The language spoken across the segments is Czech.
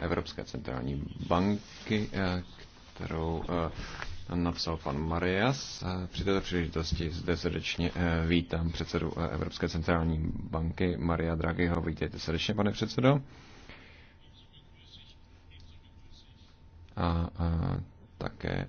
Evropské centrální banky, eh, kterou eh, napsal pan Marias. Eh, při této příležitosti zde srdečně vítám předsedu Evropské centrální banky Maria Draghiho. Vítejte srdečně, pane předsedo. A, a také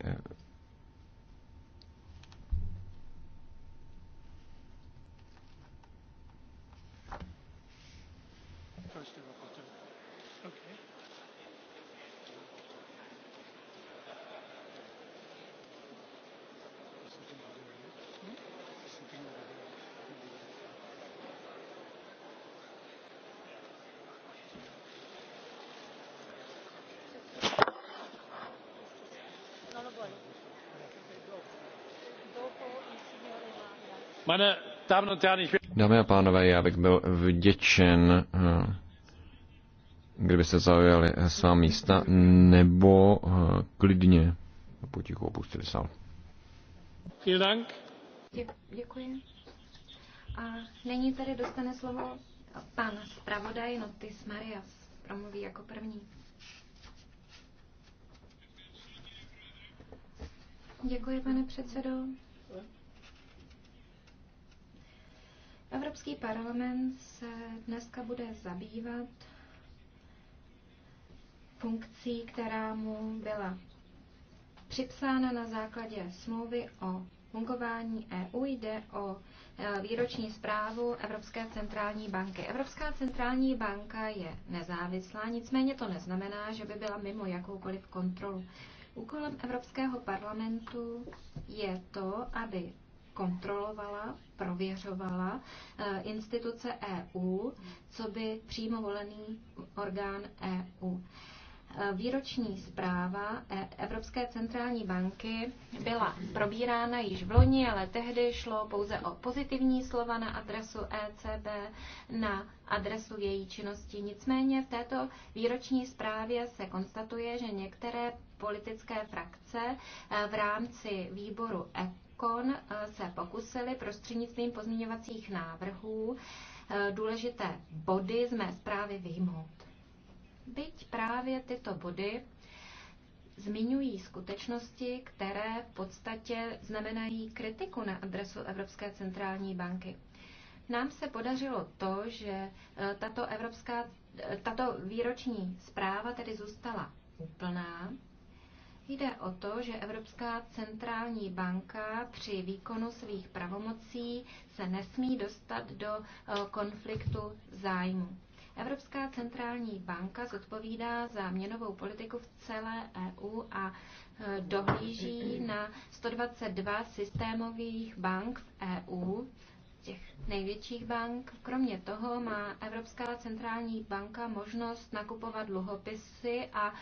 Dámy a pánové, já bych byl vděčen, eh, kdybyste zaujali eh, svá místa, nebo eh, klidně potichu opustili sál. Děkuji. A nyní tady dostane slovo pan zpravodaj Notis Marias. Promluví jako první. Děkuji, pane předsedo. Evropský parlament se dneska bude zabývat funkcí, která mu byla připsána na základě smlouvy o fungování EU. Jde o e, výroční zprávu Evropské centrální banky. Evropská centrální banka je nezávislá, nicméně to neznamená, že by byla mimo jakoukoliv kontrolu. Úkolem Evropského parlamentu je to, aby kontrolovala, prověřovala eh, instituce EU, co by přímo volený orgán EU. Eh, výroční zpráva e- Evropské centrální banky byla probírána již v loni, ale tehdy šlo pouze o pozitivní slova na adresu ECB, na adresu její činnosti. Nicméně v této výroční zprávě se konstatuje, že některé politické frakce eh, v rámci výboru e- Econ eh, se pokusili prostřednictvím pozměňovacích návrhů eh, důležité body z mé zprávy vyjmout. Byť právě tyto body zmiňují skutečnosti, které v podstatě znamenají kritiku na adresu Evropské centrální banky. Nám se podařilo to, že eh, tato, evropská, tato výroční zpráva tedy zůstala úplná, Jde o to, že Evropská centrální banka při výkonu svých pravomocí se nesmí dostat do eh, konfliktu zájmu. Evropská centrální banka zodpovídá za měnovou politiku v celé EU a eh, dohlíží na 122 systémových bank v EU těch největších bank. Kromě toho má Evropská centrální banka možnost nakupovat dluhopisy a e,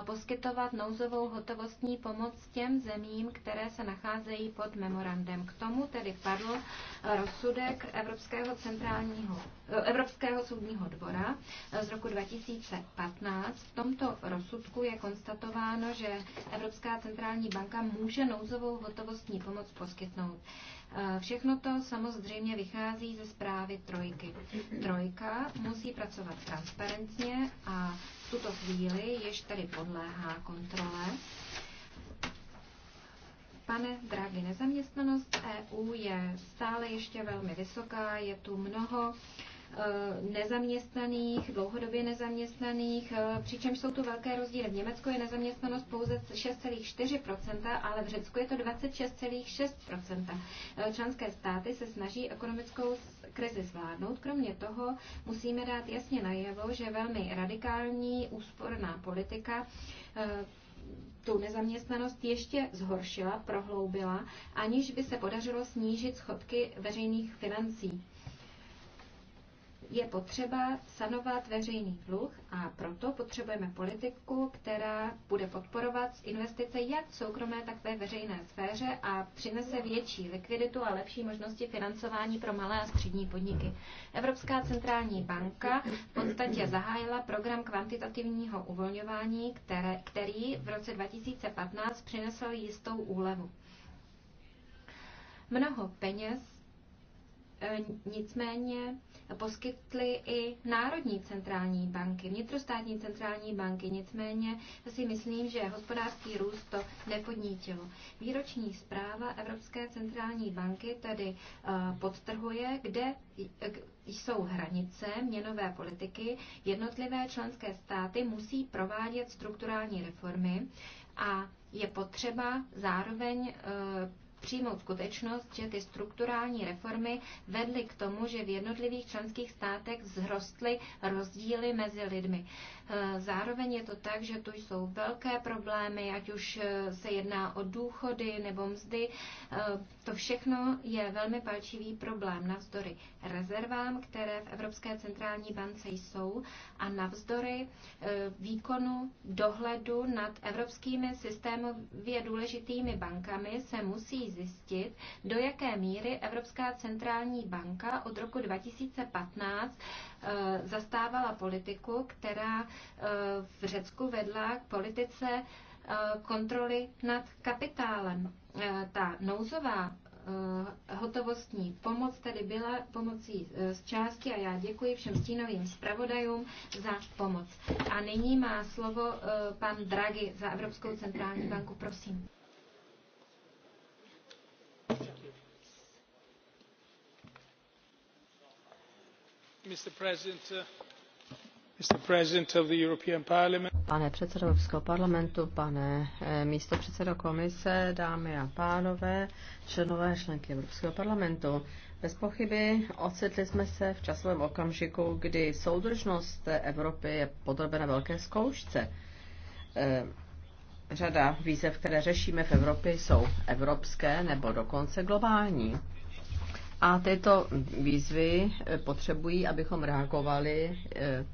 poskytovat nouzovou hotovostní pomoc těm zemím, které se nacházejí pod memorandem. K tomu tedy padl e, rozsudek Evropského centrálního Evropského soudního dvora z roku 2015. V tomto rozsudku je konstatováno, že Evropská centrální banka může nouzovou hotovostní pomoc poskytnout. Eh, všechno to samozřejmě vychází ze zprávy trojky. Trojka musí pracovat transparentně a v tuto chvíli již tady podléhá kontrole. Pane Draghi, nezaměstnanost EU je stále ještě velmi vysoká, je tu mnoho uh, Eh, nezaměstnaných, dlouhodobě nezaměstnaných, eh, přičemž jsou tu velké rozdíly. V Německu je nezaměstnanost pouze 6,4%, ale v Řecku je to 26,6%. Eh, členské státy se snaží ekonomickou krizi zvládnout. Kromě toho musíme dát jasně najevo, že velmi radikální úsporná politika tu nezaměstnanost ještě zhoršila, prohloubila, aniž by se podařilo snížit schodky veřejných financí je potřeba sanovat veřejný dluh a proto potřebujeme politiku, která bude podporovat investice jak v soukromé, tak ve veřejné sféře a přinese větší likviditu a lepší možnosti financování pro malé a střední podniky. Evropská centrální banka v podstatě zahájila program kvantitativního uvolňování, které, který v roce 2015 přinesl jistou úlevu. Mnoho peněz E, nicméně poskytly i národní centrální banky, vnitrostátní centrální banky. Nicméně si myslím, že hospodářský růst to nepodnítilo. Výroční zpráva Evropské centrální banky tedy e, podtrhuje, kde e, jsou hranice měnové politiky. Jednotlivé členské státy musí provádět strukturální reformy a je potřeba zároveň přijmout skutečnost, že ty strukturální reformy vedly k tomu, že v jednotlivých členských státech vzrostly rozdíly mezi lidmi. Eh, zároveň je to tak, že tu jsou velké problémy, ať už eh, se jedná o důchody nebo mzdy. Eh, to všechno je velmi palčivý problém navzdory rezervám, které v Evropské centrální bance jsou a navzdory výkonu dohledu nad evropskými systémově důležitými bankami se musí zjistit, do jaké míry Evropská centrální banka od roku 2015 Eh, zastávala politiku, která eh, v Řecku vedla k politice eh, kontroly nad kapitálem. Ta nouzová hotovostní pomoc tedy byla pomocí z části a já děkuji všem stínovým zpravodajům za pomoc. A nyní má slovo pan Draghi za Evropskou centrální banku. Prosím. Uh, pane předsedo Evropského parlamentu, pane eh, místo předsedo komise, dámy a pánové, členové členky Evropského parlamentu, bez pochyby ocitli jsme se v časovém okamžiku, kdy soudržnost Evropy je podrobena velké zkoušce. Eh, řada výzev, které řešíme v Evropě, jsou evropské nebo dokonce globální. A tyto výzvy eh, potřebují, abychom reagovali eh,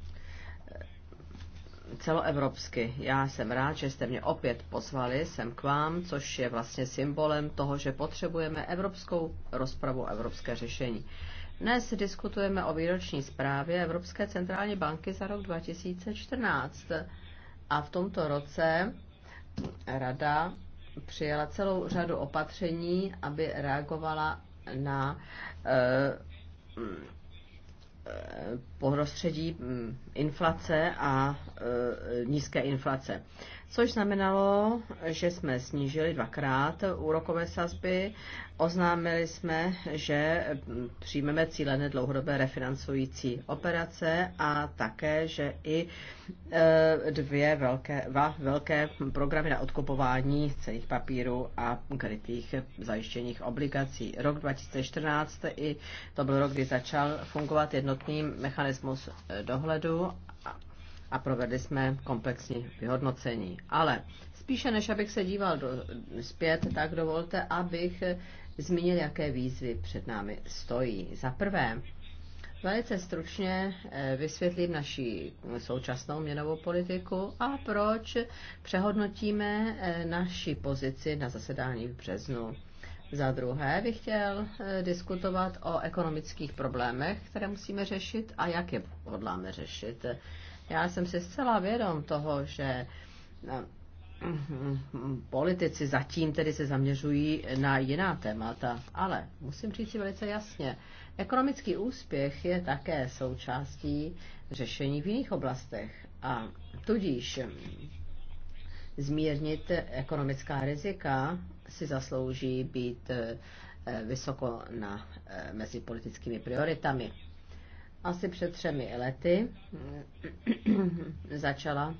celoevropsky. Já jsem rád, že jste mě opět pozvali sem k vám, což je vlastně symbolem toho, že potřebujeme evropskou rozpravu, evropské řešení. Dnes diskutujeme o výroční zprávě Evropské centrální banky za rok 2014. A v tomto roce Rada přijala celou řadu opatření, aby reagovala na eh, eh, prostředí mm, inflace a eh, nízké inflace což znamenalo, že jsme snížili dvakrát úrokové sazby. Oznámili jsme, že přijmeme cílené dlouhodobé refinancující operace a také, že i e, dvě velké, dva velké programy na odkupování cených papírů a krytých zajištěních obligací. Rok 2014 i to byl rok, kdy začal fungovat jednotný mechanismus e, dohledu a provedli jsme komplexní vyhodnocení. Ale spíše než abych se díval do, zpět, tak dovolte, abych zmínil, jaké výzvy před námi stojí. Za prvé, Velice stručně eh, vysvětlím naši současnou měnovou politiku a proč přehodnotíme eh, naši pozici na zasedání v březnu. Za druhé bych chtěl eh, diskutovat o ekonomických problémech, které musíme řešit a jak je hodláme řešit. Já jsem si zcela vědom toho, že eh, politici zatím tedy se zaměřují na jiná témata, ale musím říct si velice jasně, ekonomický úspěch je také součástí řešení v jiných oblastech a tudíž eh, zmírnit ekonomická rizika si zaslouží být eh, vysoko na, mezi politickými prioritami. Asi před třemi lety mm, začala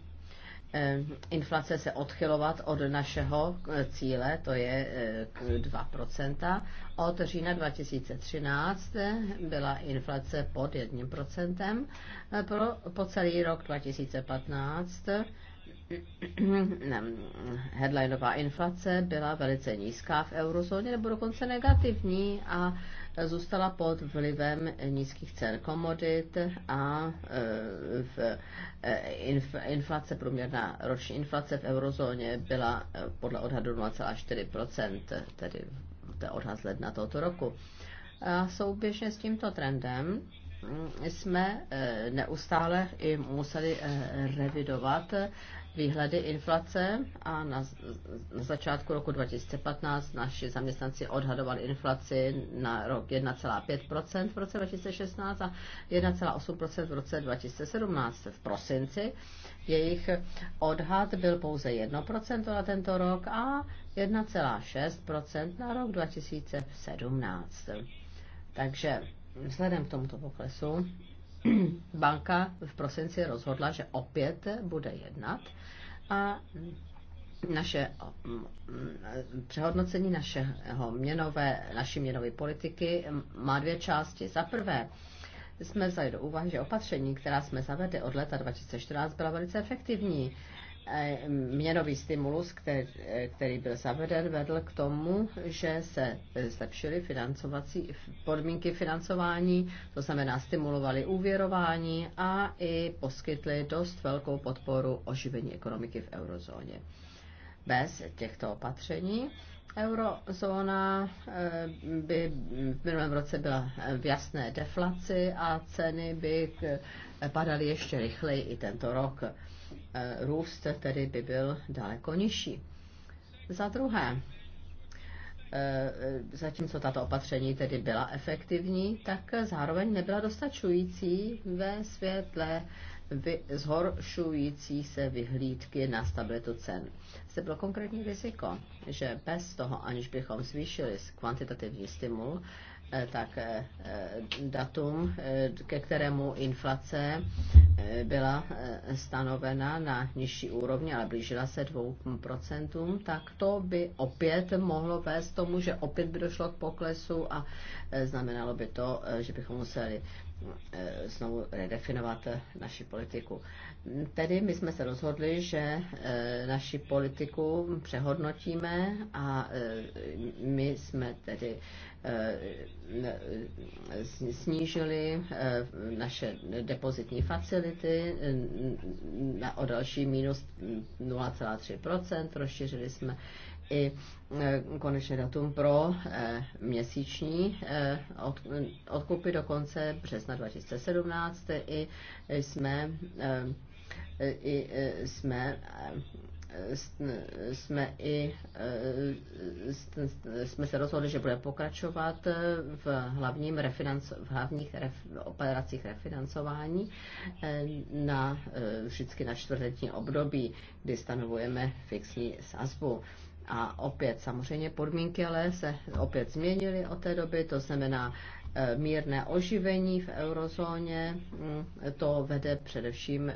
eh, inflace se odchylovat od našeho eh, cíle, to je 2%. Eh, od října 2013 byla inflace pod 1%. Pro, po celý rok 2015 headlineová inflace byla velice nízká v eurozóně nebo dokonce negativní a zůstala pod vlivem nízkých cen komodit a e, v e, inflace, průměrná roční inflace v eurozóně byla e, podle odhadu 0,4%, tedy to je odhad z ledna tohoto roku. A souběžně s tímto trendem mm, jsme neustále i museli revidovat výhledy inflace a na, začátku roku 2015 naši zaměstnanci odhadovali inflaci na rok 1,5% v roce 2016 a 1,8% v roce 2017 v prosinci. Jejich odhad byl pouze 1% na tento rok a 1,6% na rok 2017. Takže vzhledem k tomuto poklesu banka v prosinci rozhodla, že opět bude jednat a naše mm, přehodnocení našeho měnové, naší měnové politiky má dvě části. Za prvé, jsme vzali do úvahy, že opatření, která jsme zavedli od leta 2014, byla velice efektivní Eh, měnový stimulus, který, eh, který byl zaveden, vedl k tomu, že se eh, zlepšily financovací, podmínky financování, to znamená stimulovali úvěrování a i poskytli dost velkou podporu oživení ekonomiky v eurozóně. Bez těchto opatření eurozóna by v minulém roce byla v jasné deflaci a ceny by padaly ještě rychleji i tento rok. Eh, růst tedy by byl daleko nižší. Za druhé, eh, zatímco tato opatření tedy byla efektivní, tak zároveň nebyla dostačující ve světle zhoršující se vyhlídky na stabilitu cen. Zde bylo konkrétní riziko, že bez toho, aniž bychom zvýšili kvantitativní stimul, Eh, tak eh, eh, datum, ke kterému inflace byla stanovena na nižší úrovni, ale blížila se 2%, tak to by opět mohlo vést tomu, že opět by došlo k poklesu a znamenalo by to, že bychom museli znovu redefinovat naši politiku. Tedy my jsme se rozhodli, že e, naši politiku přehodnotíme a e, my jsme tedy e, snížili naše depozitní facility o další minus 0,3%, rozšířili jsme i konečné datum pro měsíční odkupy do konce března 2017 i jsme i e, jsme e, jsme i e, jsme se rozhodli, že bude pokračovat v, hlavním refinanc v hlavních ref, operacích refinancování na vždycky na čtvrtletní období, kdy stanovujeme fixní sazbu. A opět samozřejmě podmínky ale se opět změnily od té doby, to znamená Eh, mírné oživení v eurozóně, mm, to vede především eh,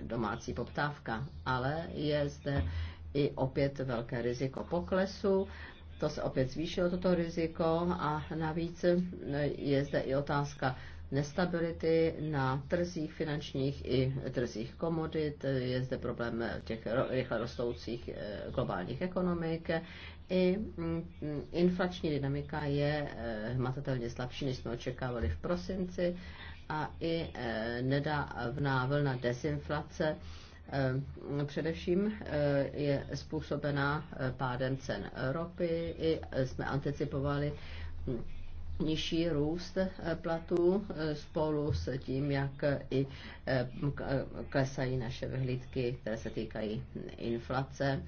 domácí poptávka, ale je zde i opět velké riziko poklesu. To se opět zvýšilo, toto riziko, a navíc eh, je zde i otázka nestability na trzích finančních i trzích komodit. Je zde problém těch rychle rostoucích globálních ekonomik i mm, mm, inflační dynamika je eh, hmatatelně slabší, než jsme očekávali v prosinci a i eh, nedávná vlna desinflace eh, především je způsobená pádem cen ropy. I jsme anticipovali hm, nižší růst platů spolu s tím, jak i klesají naše vyhlídky, které se týkají hm, inflace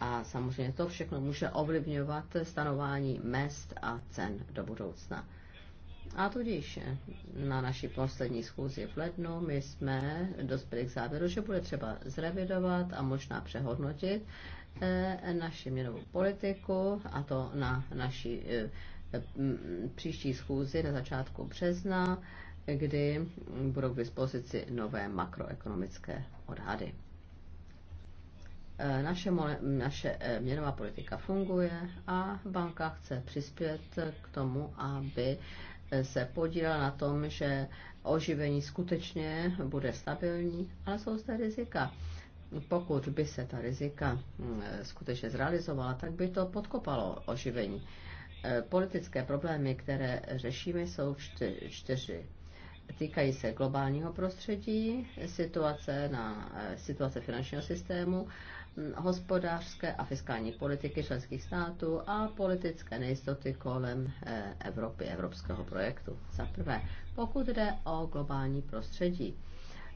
a samozřejmě to všechno může ovlivňovat stanování mest a cen do budoucna. A tudíž na naší poslední schůzi v lednu my jsme dospěli k závěru, že bude třeba zrevidovat a možná přehodnotit eh, naši měnovou politiku a to na naší eh, příští schůzi na začátku března, kdy budou k dispozici nové makroekonomické odhady. Eh, naše, naše eh, měnová politika funguje a banka chce přispět k tomu, aby eh, se podílela na tom, že oživení skutečně bude stabilní, ale jsou zde rizika. Pokud by se ta rizika hm, skutečně zrealizovala, tak by to podkopalo oživení. Politické problémy, které řešíme, jsou čtyři týkají se globálního prostředí, situace, na, situace finančního systému hospodářské a fiskální politiky členských států a politické nejistoty kolem eh, Evropy, evropského projektu. Za prvé, pokud jde o globální prostředí.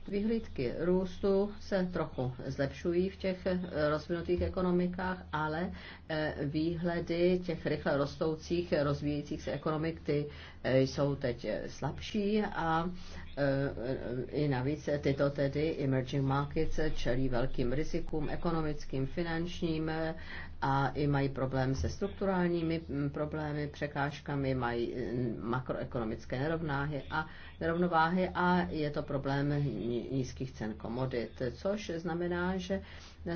Vyhlídky růstu se trochu zlepšují v těch eh, rozvinutých ekonomikách, ale eh, výhledy těch rychle rostoucích, rozvíjejících se ekonomik ty jsou teď slabší a Eh, i navíc tyto tedy emerging markets čelí velkým rizikům ekonomickým, finančním eh, a i mají problém se strukturálními mm, problémy, překážkami, mají mm, makroekonomické nerovnáhy a nerovnováhy a je to problém nízkých cen komodit, což znamená, že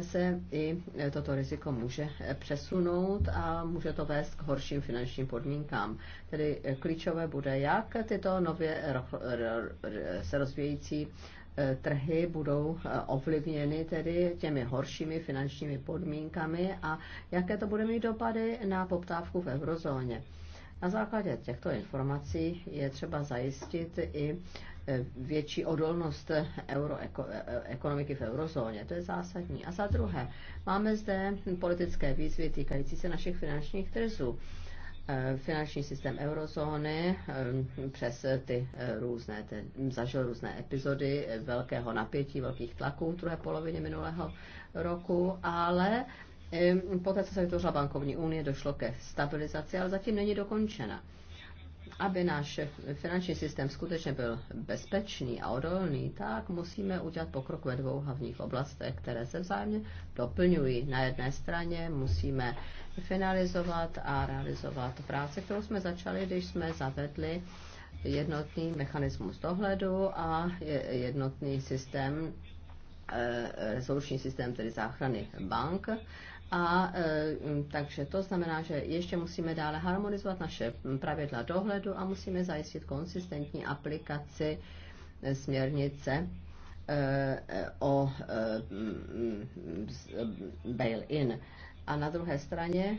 se i e, toto riziko může e, přesunout a může to vést k horším finančním podmínkám. Tedy e, klíčové bude, jak tyto nově se rozvíjící trhy budou ovlivněny tedy těmi horšími finančními podmínkami a jaké to bude mít dopady na poptávku v eurozóně. Na základě těchto informací je třeba zajistit i Eh, větší odolnost euro, eh, ekonomiky v eurozóně. To je zásadní. A za druhé, máme zde politické výzvy týkající se našich finančních trzů eh, finanční systém eurozóny přes ty různé, ty, zažil různé epizody velkého napětí, velkých tlaků v druhé polovině minulého roku, ale poté, co se vytvořila bankovní unie, došlo ke stabilizaci, ale zatím není dokončena aby náš finanční systém skutečně byl bezpečný a odolný, tak musíme udělat pokrok ve dvou hlavních oblastech, které se vzájemně doplňují. Na jedné straně musíme finalizovat a realizovat práce, kterou jsme začali, když jsme zavedli jednotný mechanismus dohledu a jednotný systém, rezoluční eh, eh, systém, tedy záchrany bank a e, takže to znamená, že ještě musíme dále harmonizovat naše pravidla dohledu a musíme zajistit konsistentní aplikaci e, směrnice e, o bail-in. A na druhé straně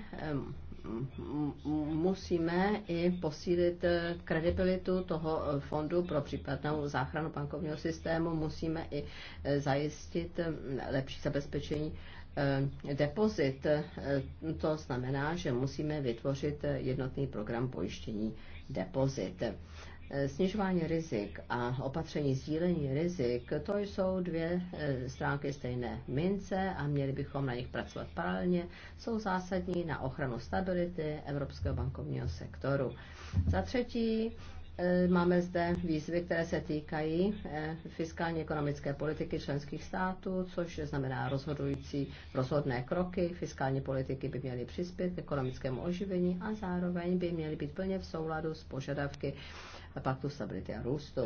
musíme i posílit kredibilitu toho fondu pro případnou záchranu bankovního systému, musíme i zajistit lepší zabezpečení Eh, depozit, eh, to znamená, že musíme vytvořit jednotný program pojištění depozit. Eh, snižování rizik a opatření sdílení rizik, to jsou dvě stránky stejné mince a měli bychom na nich pracovat paralelně. Jsou zásadní na ochranu stability evropského bankovního sektoru. Za třetí, E, máme zde výzvy, které se týkají e, fiskální ekonomické politiky členských států, což znamená rozhodující rozhodné kroky. Fiskální politiky by měly přispět k ekonomickému oživení a zároveň by měly být plně v souladu s požadavky paktu stability a růstu.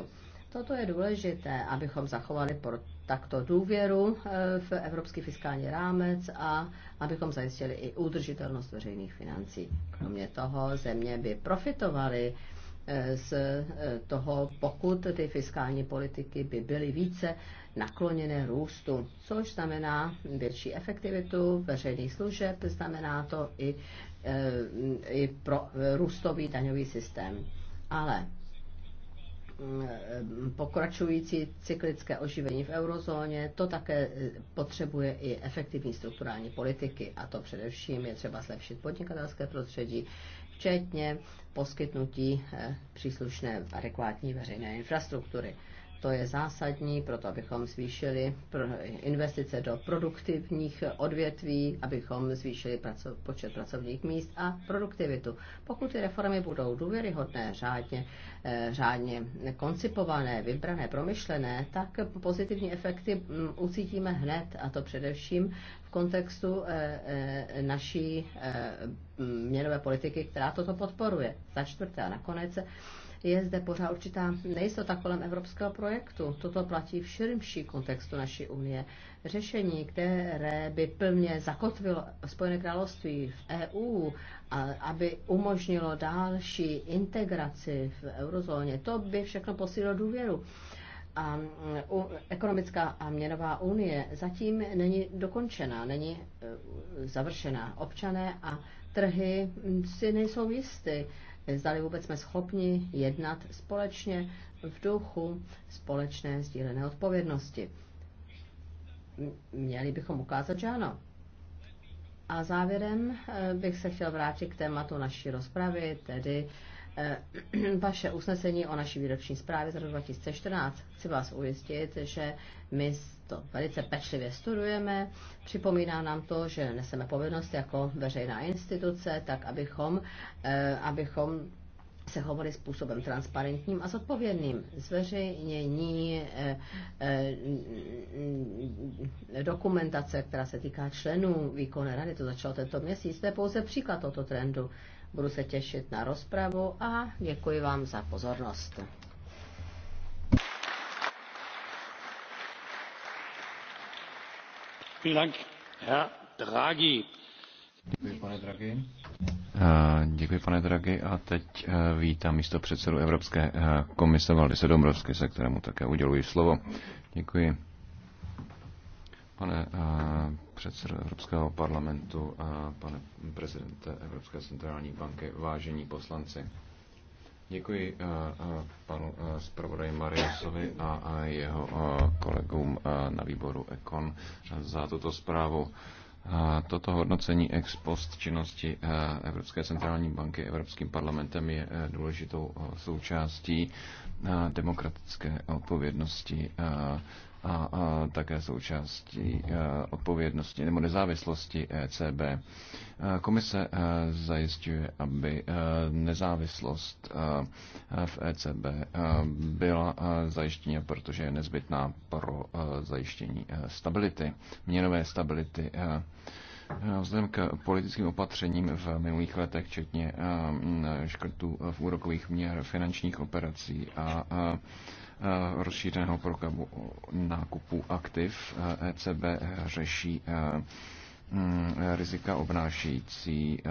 Toto je důležité, abychom zachovali pro takto důvěru e, v evropský fiskální rámec a abychom zajistili i udržitelnost veřejných financí. Kromě toho země by profitovaly z eh, toho, pokud ty fiskální politiky by byly více nakloněné růstu, což znamená větší efektivitu veřejných služeb, znamená to i, eh, i pro eh, růstový daňový systém. Ale pokračující cyklické oživení v eurozóně, to také potřebuje i efektivní strukturální politiky a to především je třeba zlepšit podnikatelské prostředí, včetně poskytnutí eh, příslušné adekvátní veřejné infrastruktury. To je zásadní, proto abychom zvýšili investice do produktivních odvětví, abychom zvýšili počet pracovních míst a produktivitu. Pokud ty reformy budou důvěryhodné, řádně, eh, řádně koncipované, vybrané, promyšlené, tak pozitivní efekty mm, ucítíme hned, a to především v kontextu eh, eh, naší eh, měnové politiky, která toto podporuje. Za čtvrté a nakonec je zde pořád určitá nejistota kolem evropského projektu. Toto platí v širší kontextu naší unie. Řešení, které by plně zakotvilo Spojené království v EU, aby umožnilo další integraci v eurozóně, to by všechno posílilo důvěru a ekonomická a měnová unie zatím není dokončena, není e, završená. Občané a trhy si nejsou jisty, zdali vůbec jsme schopni jednat společně v duchu společné sdílené odpovědnosti. Měli bychom ukázat, že ano. A závěrem e, bych se chtěl vrátit k tématu naší rozpravy, tedy Eh, vaše usnesení o naší výroční zprávě z roku 2014. Chci vás ujistit, že my to velice pečlivě studujeme. Připomíná nám to, že neseme povinnost jako veřejná instituce, tak abychom, eh, abychom se hovorí způsobem transparentním a zodpovědným. Zveřejnění eh, dokumentace, která se týká členů výkonné rady, to začalo tento měsíc, to je pouze příklad tohoto trendu. Budu se těšit na rozpravu a děkuji vám za pozornost. Děkuji, pane Draghi. Děkuji, pane Draghi. A teď eh, vítám místo předsedu Evropské eh, komise Valdise Dombrovské, se kterému také uděluji slovo. Děkuji. Pane eh, předsedo Evropského parlamentu a pane prezidente Evropské centrální banky, vážení poslanci. Děkuji eh, eh, panu eh, zpravodaji Mariusovi a jeho kolegům na výboru Ekon za tuto zprávu. Toto hodnocení ex post činnosti Evropské centrální banky Evropským parlamentem je důležitou součástí demokratické odpovědnosti a, a také součástí e, odpovědnosti nebo nezávislosti ECB. E, komise e, zajistuje, aby nezávislost v ECB byla zajištěna, protože je nezbytná pro zajištění stability, měnové stability. Vzhledem k politickým opatřením v minulých letech, včetně škrtů v úrokových měr, finančních operací a Eh, rozšířeného programu nákupu aktiv. ECB eh, e řeší eh, mm, rizika obnášející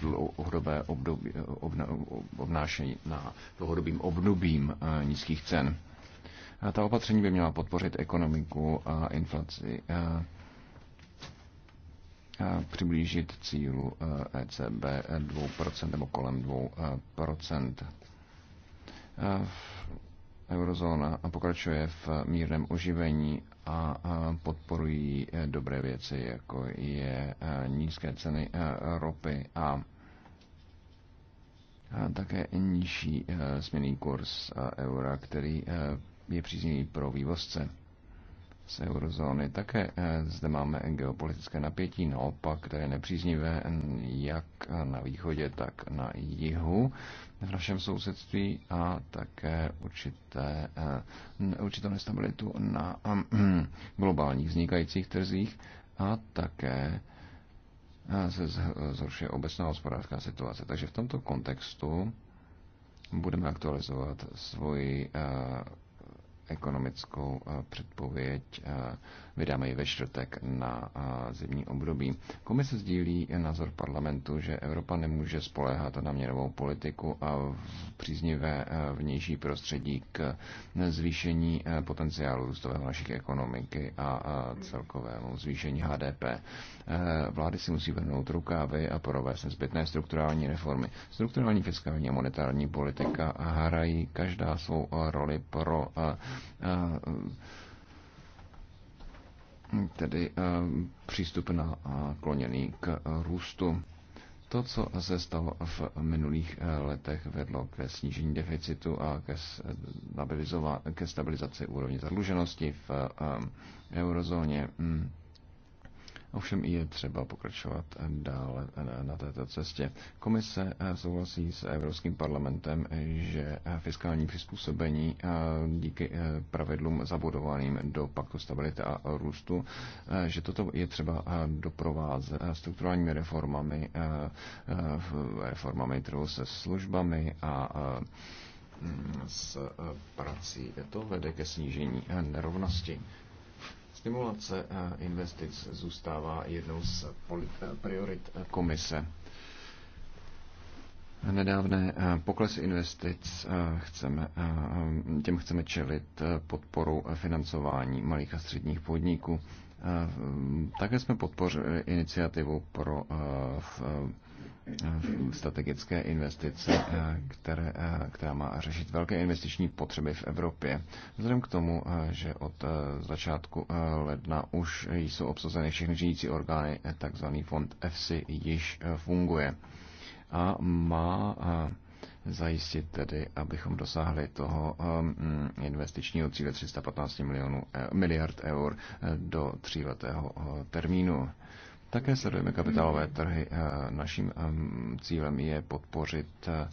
dlouhodobé období, obnášení na dlouhodobým obdobím nízkých cen. ta opatření by měla podpořit ekonomiku a inflaci přiblížit cílu ECB e 2% nebo kolem 2% eurozóna pokračuje v mírném oživení a podporují eh, dobré věci, jako je eh, nízké ceny eh, ropy a také nižší směný kurz eura, který je příznivý pro vývozce z eurozóny. Také zde máme geopolitické napětí, naopak, které je nepříznivé jak na východě, tak na jihu v našem sousedství a také určité, eh, určitou nestabilitu na eh, globálních vznikajících trzích a také eh, se zhoršuje obecná hospodářská situace. Takže v tomto kontextu budeme aktualizovat svoji ekonomickou předpověď Vydáme ji ve čtvrtek na zimní období. Komise sdílí názor parlamentu, že Evropa nemůže spoléhat na měnovou politiku a v příznivé vnější prostředí k zvýšení potenciálu růstového našich ekonomiky a celkovému zvýšení HDP. Vlády si musí vrhnout rukávy a provést zbytné strukturální reformy. Strukturální fiskální a monetární politika hrají každá svou roli pro tedy eh, přístup na eh, kloněný k růstu. To, co se stalo v minulých eh, letech, vedlo ke snížení deficitu a ke, stabilizaci úrovně zadluženosti v eurozóně. Hmm. Ovšem je třeba pokračovat dále na této cestě. Komise souhlasí s Evropským parlamentem, že fiskální přizpůsobení díky pravidlům zabudovaným do paktu stability a růstu, že toto je třeba doprovázet strukturálními reformami, reformami trhu se službami a s prací. To vede ke snížení nerovnosti. Stimulace eh, investic zůstává jednou z eh, priorit eh, komise. Nedávné pokles investic chceme, těm chceme čelit podporou financování malých a středních podniků. Také jsme podpořili iniciativu pro strategické investice, eh, které, eh, která má řešit velké investiční potřeby v Evropě. Vzhledem k tomu, eh, že od začátku ledna už jsou obsazeny všechny řídící orgány, takzvaný fond EFSI již funguje a má zajistit tedy, abychom dosáhli toho investičního cíle 315 milionů, miliard eur do tříletého termínu. Také sledujeme kapitálové trhy. Eh, naším ehm, cílem je podpořit eh,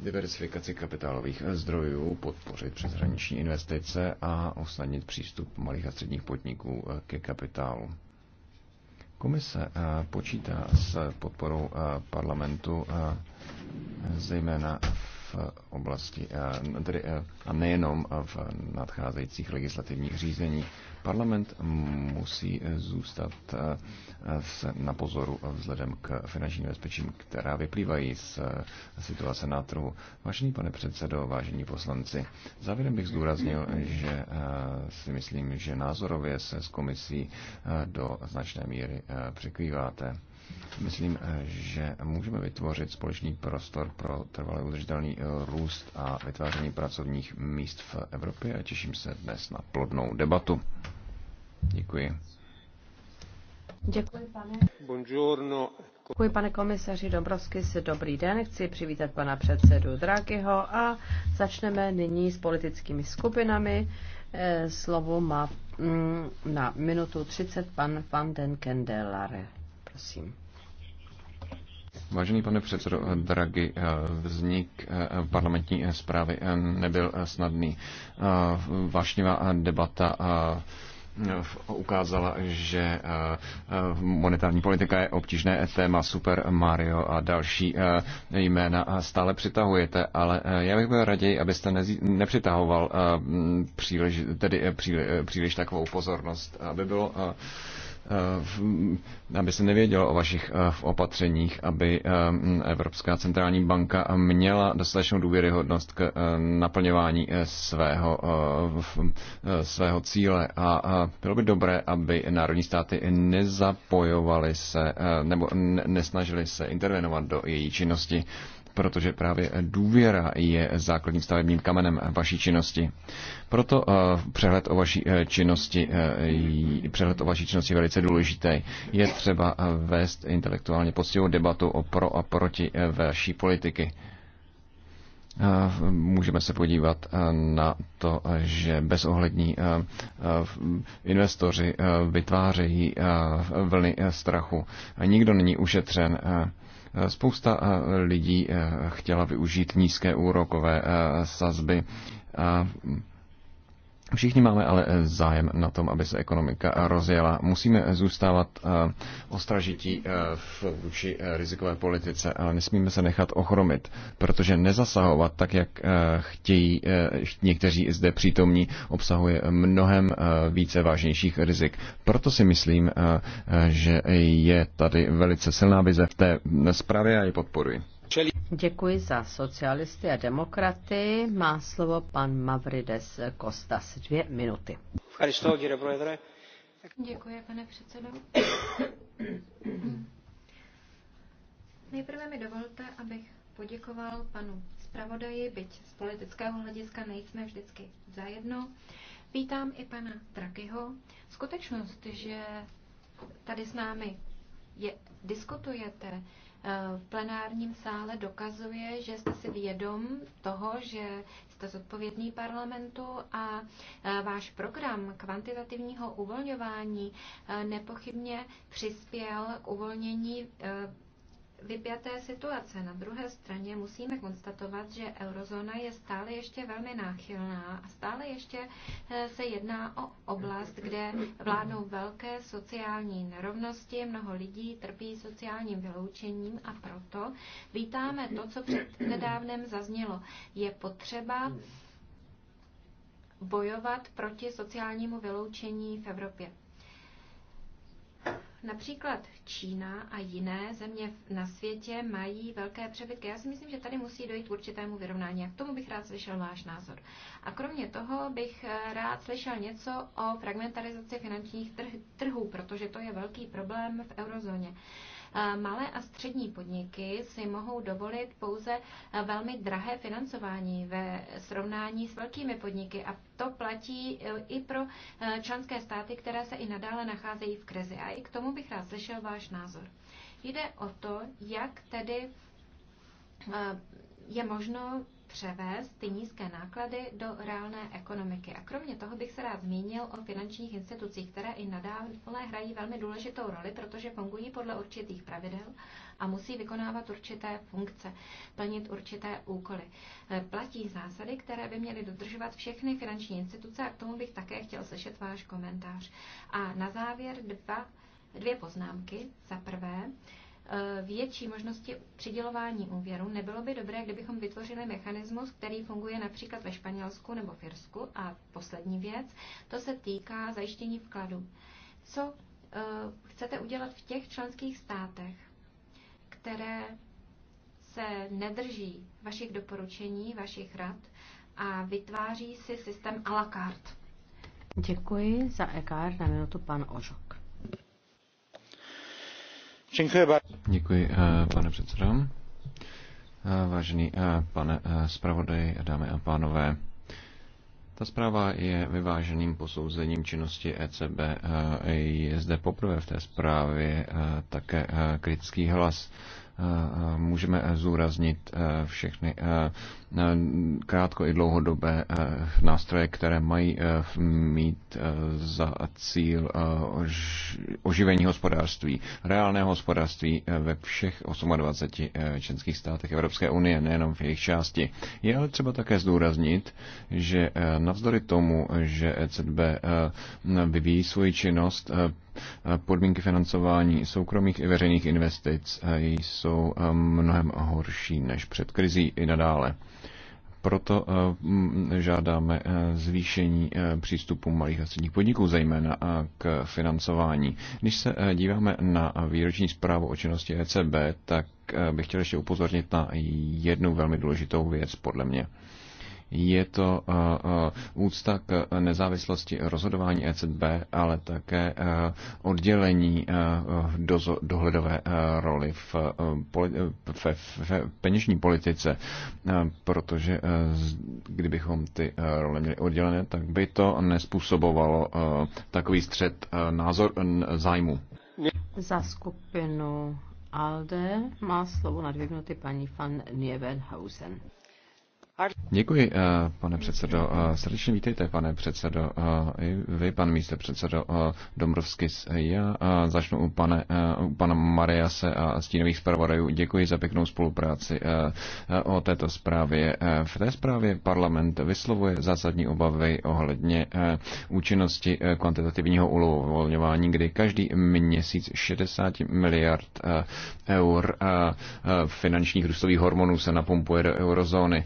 diversifikaci kapitálových eh, zdrojů, podpořit přeshraniční investice a usnadnit přístup malých a středních podniků ke kapitálu. Komise počítá s podporou parlamentu zejména v v oblasti, eh, tedy, eh, a nejenom v nadcházejících legislativních řízeních. Parlament musí eh, zůstat na pozoru vzhledem k finančním bezpečím, která vyplývají z situace na trhu. Vážený pane předsedo, vážení poslanci, závěrem bych zdůraznil, že si myslím, že názorově se s komisí do značné míry překrýváte. Myslím, eh, že můžeme vytvořit společný prostor pro trvalý udržitelný eh, růst a vytváření pracovních míst v Evropě a těším se dnes na plodnou debatu. Děkuji. Děkuji, pane. Buongiorno. Děkuji, pane komisaři Dobrovsky, dobrý den. Chci přivítat pana předsedu Drákyho a začneme nyní s politickými skupinami. Eh, slovo má mm, na minutu 30 pan Van den Kendelare prosím. Vážený pane předsedo Draghi, eh, vznik eh, parlamentní eh, zprávy nebyl snadný. Vášnivá debata ukázala, že monetární politika je obtížné téma Super Mario a další jména stále přitahujete, ale já bych byl raději, abyste nepřitahoval příliš, tedy příliš, příliš takovou pozornost, aby bylo Eh, aby se nevědělo o vašich eh, opatřeních, aby eh, Evropská centrální banka měla dostatečnou důvěryhodnost k naplňování svého, svého cíle. A bylo by dobré, aby národní státy nezapojovaly se nebo nesnažily se intervenovat do její činnosti protože právě důvěra je základním stavebním kamenem vaší činnosti. Proto eh, přehled o vaší eh, činnosti, eh, přehled o vaší činnosti je velice důležitý. Je třeba vést intelektuálně poctivou debatu o pro a proti vaší politiky. Můžeme se podívat na to, že bezohlední investoři vytvářejí vlny strachu. Nikdo není ušetřen Spousta eh, lidí eh, chtěla využít nízké úrokové eh, sazby a Všichni máme ale eh, zájem na tom, aby se ekonomika eh, rozjela. Musíme eh, zůstávat ostražití vůči rizikové politice, ale nesmíme se nechat ochromit, protože nezasahovat tak, jak chtějí někteří zde přítomní, obsahuje mnohem více vážnějších rizik. Proto si myslím, že je tady velice silná vize v té zprávě a ji podporuji. Děkuji za socialisty a demokraty. Má slovo pan Mavrides Kostas. Dvě minuty. Děkuji, pane předsedo. Nejprve mi dovolte, abych poděkoval panu zpravodaji, byť z politického hlediska nejsme vždycky zajedno. Vítám i pana Trakyho. Skutečnost, že tady s námi je, diskutujete, Eh, v plenárním sále dokazuje, že jste si vědom toho, že jste zodpovědný parlamentu a eh, váš program kvantitativního uvolňování eh, nepochybně přispěl k uvolnění vypjaté situace. Na druhé straně musíme konstatovat, že eurozóna je stále ještě velmi náchylná a stále ještě eh, se jedná o oblast, kde vládnou velké sociální nerovnosti, mnoho lidí trpí sociálním vyloučením a proto vítáme to, co před nedávnem zaznělo. Je potřeba bojovat proti sociálnímu vyloučení v Evropě. Například Čína a jiné země na světě mají velké přebytky. Já si myslím, že tady musí dojít k určitému vyrovnání a k tomu bych rád slyšel váš názor. A kromě toho bych eh, rád slyšel něco o fragmentarizaci finančních trhů, protože to je velký problém v eurozóně. Uh, Malé a střední podniky si mohou dovolit pouze velmi drahé financování ve srovnání s velkými podniky a to platí e, i pro e, členské státy, které se i nadále nacházejí v krizi. A i k tomu bych rád slyšel váš názor. Jde o to, jak tedy e, je možno převést ty nízké náklady do reálné ekonomiky. A kromě toho bych se rád zmínil o finančních institucích, které i nadále hrají velmi důležitou roli, protože fungují podle určitých pravidel a musí vykonávat určité funkce, plnit určité úkoly. E, platí zásady, které by měly dodržovat všechny finanční instituce a k tomu bych také chtěl slyšet váš komentář. A na závěr dva, dvě poznámky. Za prvé, Eh, větší možnosti přidělování úvěru, nebylo by dobré, kdybychom vytvořili mechanismus, který funguje například ve Španělsku nebo v Irsku. A poslední věc, to se týká zajištění vkladu. Co eh, chcete udělat v těch členských státech, které se nedrží vašich doporučení, vašich rad a vytváří si systém à la carte? Děkuji za EKR na minutu pan Ožo. Děkuji, eh, pane předsedo. Eh, vážený eh, pane zpravodaj, dámy a pánové, ta zpráva je vyváženým posouzením činnosti ECB. Je zde poprvé v té zprávě také kritický hlas. Můžeme zúraznit všechny Eh, krátko i dlouhodobé eh, nástroje, které mají eh, mít za cíl oživení hospodářství, reálné hospodářství ve všech 28 členských státech Evropské unie, nejenom v jejich části. Je ale třeba také zdůraznit, že navzdory tomu, že ECB vyvíjí svoji činnost, podmínky financování soukromých i veřejných investic jsou mnohem horší než před krizí i nadále proto eh, žádáme eh, zvýšení eh, přístupu malých a středních podniků, zejména k financování. Když se díváme na výroční zprávu o činnosti ECB, tak bych chtěl ještě upozornit na jednu velmi důležitou věc, podle mě. Je to eh, eh, úcta k nezávislosti rozhodování ECB, ale také eh, oddělení dohledové roli v, v, v peněžní politice, protože kdybychom ty role měli oddělené, tak by to nespůsobovalo takový střed názor zájmu. Za skupinu ALDE má slovo na dvě minuty paní van Nievenhausen. Děkuji, eh, pane předsedo. Eh, srdečně vítejte, pane předsedo. Eh, I vy, pan místo předsedo Dombrovskis. Já začnu u, pane, u pana Mariase a stínových zpravodajů. Děkuji za pěknou spolupráci o této zprávě. V té zprávě parlament vyslovuje zásadní obavy ohledně účinnosti kvantitativního uvolňování, kdy každý měsíc 60 miliard eur finančních růstových hormonů se napumpuje do eurozóny.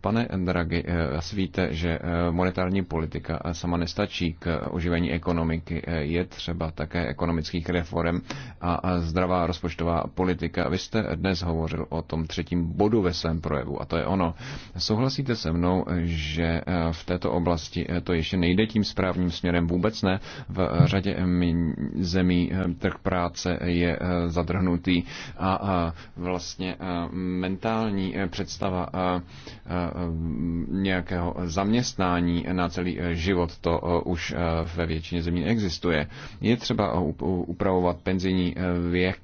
Pane Draghi, eh, asi víte, že eh, monetární politika eh, sama nestačí k oživení ekonomiky. Je třeba také ekonomických reform a zdravá rozpočtová politika. Vy jste dnes hovořil o tom třetím bodu ve svém projevu a to je ono. Souhlasíte se mnou, že v této oblasti to ještě nejde tím správným směrem? Vůbec ne. V řadě zemí trh práce je zadrhnutý a vlastně mentální představa Eh, nějakého zaměstnání na celý eh, život, to eh, už ve většině zemí existuje. Je třeba upravovat penzijní věk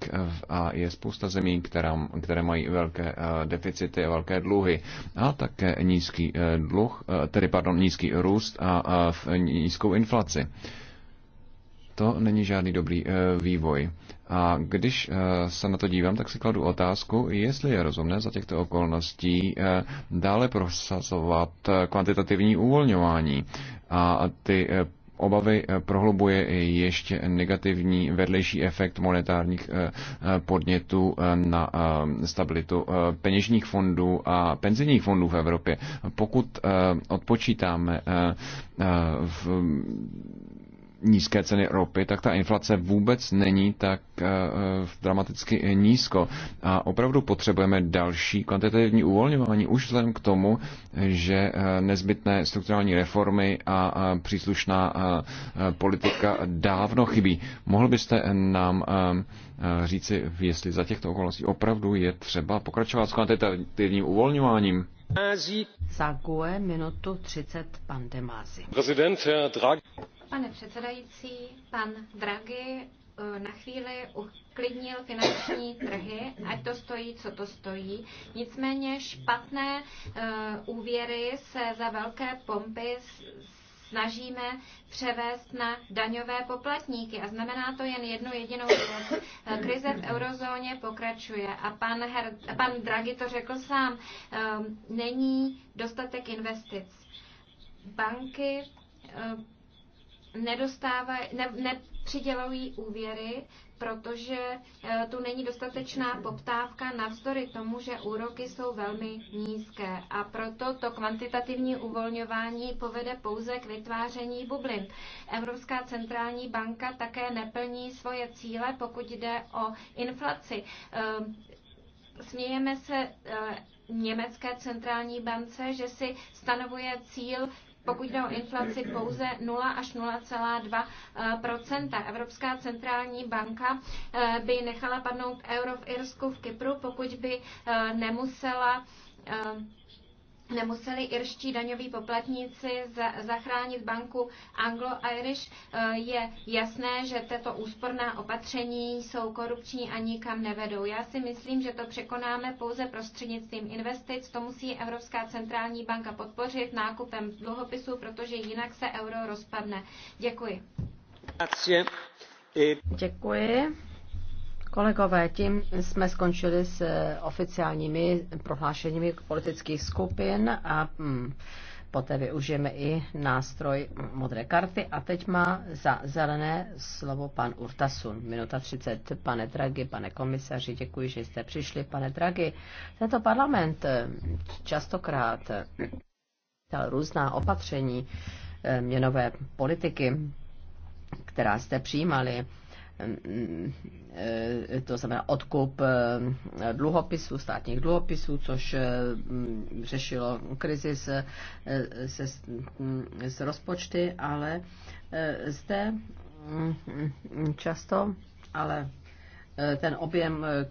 a je spousta zemí, která, které mají velké deficity a velké dluhy a také nízký dluh, tedy pardon, nízký růst a nízkou inflaci. To není žádný dobrý vývoj. A když eh, se na to dívám, tak si kladu otázku, jestli je rozumné za těchto okolností eh, dále prosazovat eh, kvantitativní uvolňování a ty obavy prohlubuje ještě negativní vedlejší efekt monetárních podnětů na stabilitu peněžních fondů a penzijních fondů v Evropě. Pokud odpočítáme v nízké ceny ropy, tak ta inflace vůbec není tak eh, eh, dramaticky nízko. A opravdu potřebujeme další kvantitativní uvolňování už vzhledem k tomu, že eh, nezbytné strukturální reformy a příslušná politika dávno chybí. Mohl byste nám říci, jestli za těchto okolností opravdu je třeba pokračovat s kvantitativním uvolňováním? Za minutu 30 pan Demázi. Pane předsedající, pan Draghi eh, na chvíli uklidnil finanční trhy, ať to stojí, co to stojí. Nicméně špatné eh, úvěry se za velké pompy snažíme převést na daňové poplatníky. A znamená to jen jednu jedinou věc. Eh, krize v eurozóně pokračuje a pan, Her, pan Draghi to řekl sám, není dostatek investic. Banky nepřidělují ne, nepřidělují úvěry, protože eh, tu není dostatečná poptávka navzdory tomu, že úroky jsou velmi nízké. A proto to kvantitativní uvolňování povede pouze k vytváření bublin. Evropská centrální banka také neplní svoje cíle, pokud jde o inflaci. Eh, smějeme se eh, německé centrální bance, že si stanovuje cíl pokud jde o inflaci, pouze 0 až 0,2 eh, Evropská centrální banka eh, by nechala padnout euro v Irsku, v Kypru, pokud by eh, nemusela nemuseli irští daňoví poplatníci zachránit banku Anglo-Irish. Eh, je jasné, že tato úsporná opatření jsou korupční a nikam nevedou. Já si myslím, že to překonáme pouze prostřednictvím investic. To musí Evropská centrální banka podpořit nákupem dluhopisů, protože jinak se euro rozpadne. Děkuji. E- Děkuji. Kolegové, tím jsme skončili s eh, oficiálními prohlášeními politických skupin a mm, poté využijeme i nástroj modré karty. A teď má za zelené slovo pan Urtasun. Minuta 30. Pane Dragi, pane komisaři, děkuji, že jste přišli. Pane Dragi, tento parlament eh, častokrát eh, dal různá opatření měnové politiky, která jste přijímali mm, Eh, to znamená odkup eh, dluhopisů, státních dluhopisů, což eh, mm, řešilo krizi se, se, mm, s rozpočty, ale zde mm, často, ale Eh, ten objem eh,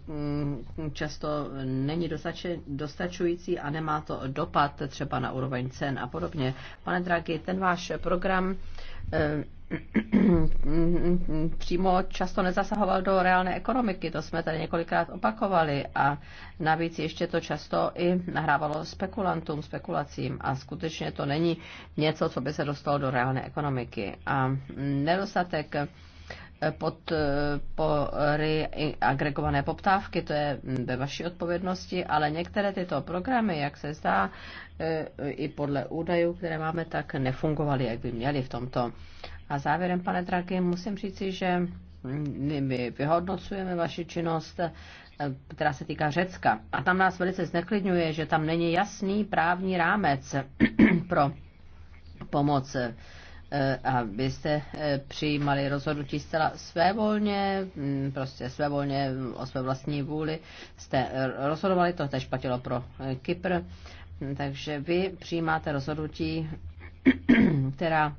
často není dostačující a nemá to dopad třeba na úroveň cen a podobně. Pane Draghi, ten váš program eh, přímo často nezasahoval do reálné ekonomiky, to jsme tady několikrát opakovali a navíc ještě to často i nahrávalo spekulantům, spekulacím a skutečně to není něco, co by se dostalo do reálné ekonomiky. A nedostatek podpory agregované poptávky, to je ve vaší odpovědnosti, ale některé tyto programy, jak se zdá, e, i podle údajů, které máme, tak nefungovaly, jak by měly v tomto. A závěrem, pane Draky, musím říci, že my vyhodnocujeme vaši činnost, e, která se týká Řecka. A tam nás velice zneklidňuje, že tam není jasný právní rámec pro pomoc Eh, abyste eh, přijímali rozhodnutí zcela svévolně, hm, prostě svévolně hm, o své vlastní vůli. Jste eh, rozhodovali, to tež platilo pro Kypr, hm, takže vy přijímáte rozhodnutí, která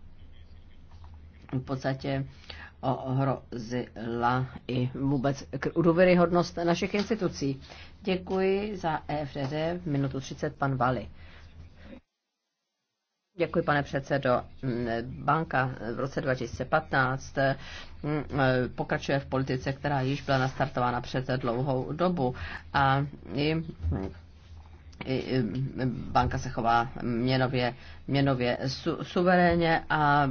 v podstatě ohrozila i vůbec důvěryhodnost našich institucí. Děkuji za EFDD, minutu 30, pan Vali. Děkuji, pane předsedo. Banka v roce 2015 mm, eh, pokračuje v politice, která již byla nastartována před dlouhou dobu a i banka se chová měnově, měnově su, suverénně a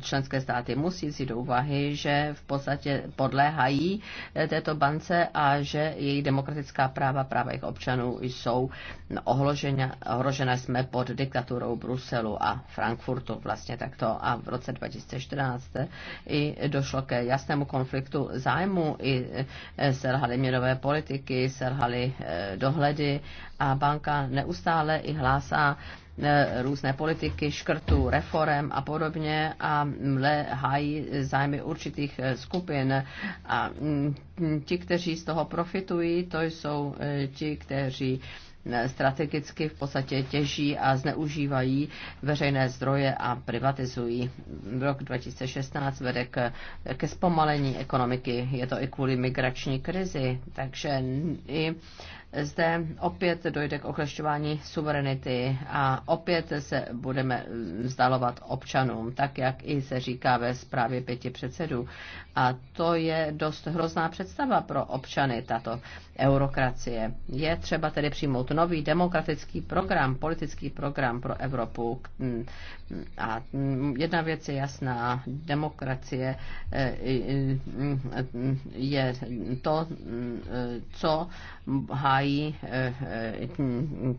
členské státy musí si do úvahy, že v podstatě podléhají eh, této bance a že její demokratická práva, práva jejich občanů jsou ohložena, ohrožena jsme pod diktaturou Bruselu a Frankfurtu vlastně takto a v roce 2014 eh, i došlo ke jasnému konfliktu zájmu i eh, selhaly měnové politiky, selhaly dohledy a banka neustále i hlásá e, různé politiky, škrtů, reform a podobně a mle hájí zájmy určitých e, skupin. A mm, ti, kteří z toho profitují, to jsou e, ti, kteří strategicky v podstatě těží a zneužívají veřejné zdroje a privatizují. Rok 2016 vede k, ke zpomalení ekonomiky, je to i kvůli migrační krizi, takže i zde opět dojde k oklešťování suverenity a opět se budeme vzdalovat občanům, tak jak i se říká ve zprávě pěti předsedů. A to je dost hrozná představa pro občany, tato eurokracie. Je třeba tedy přijmout nový demokratický program, politický program pro Evropu. A jedna věc je jasná, demokracie eh, je to, co hájí eh,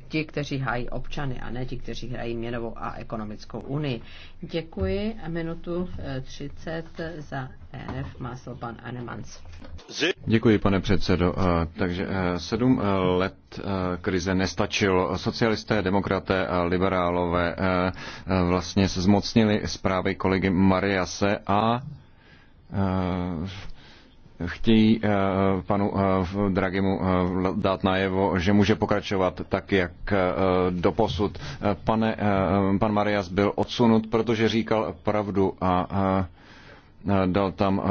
ti, kteří hájí občany a ne ti, kteří hrají měnovou a ekonomickou unii. Děkuji a minutu 30 eh, za ENF má pan Anemans. Děkuji, pane předsedo. E, takže e, sedm e, let krize nestačilo. Socialisté, demokraté a liberálové vlastně se zmocnili zprávy kolegy Mariase a chtějí panu Dragimu dát najevo, že může pokračovat tak, jak doposud. Pane, pan Marias byl odsunut, protože říkal pravdu a dal tam eh,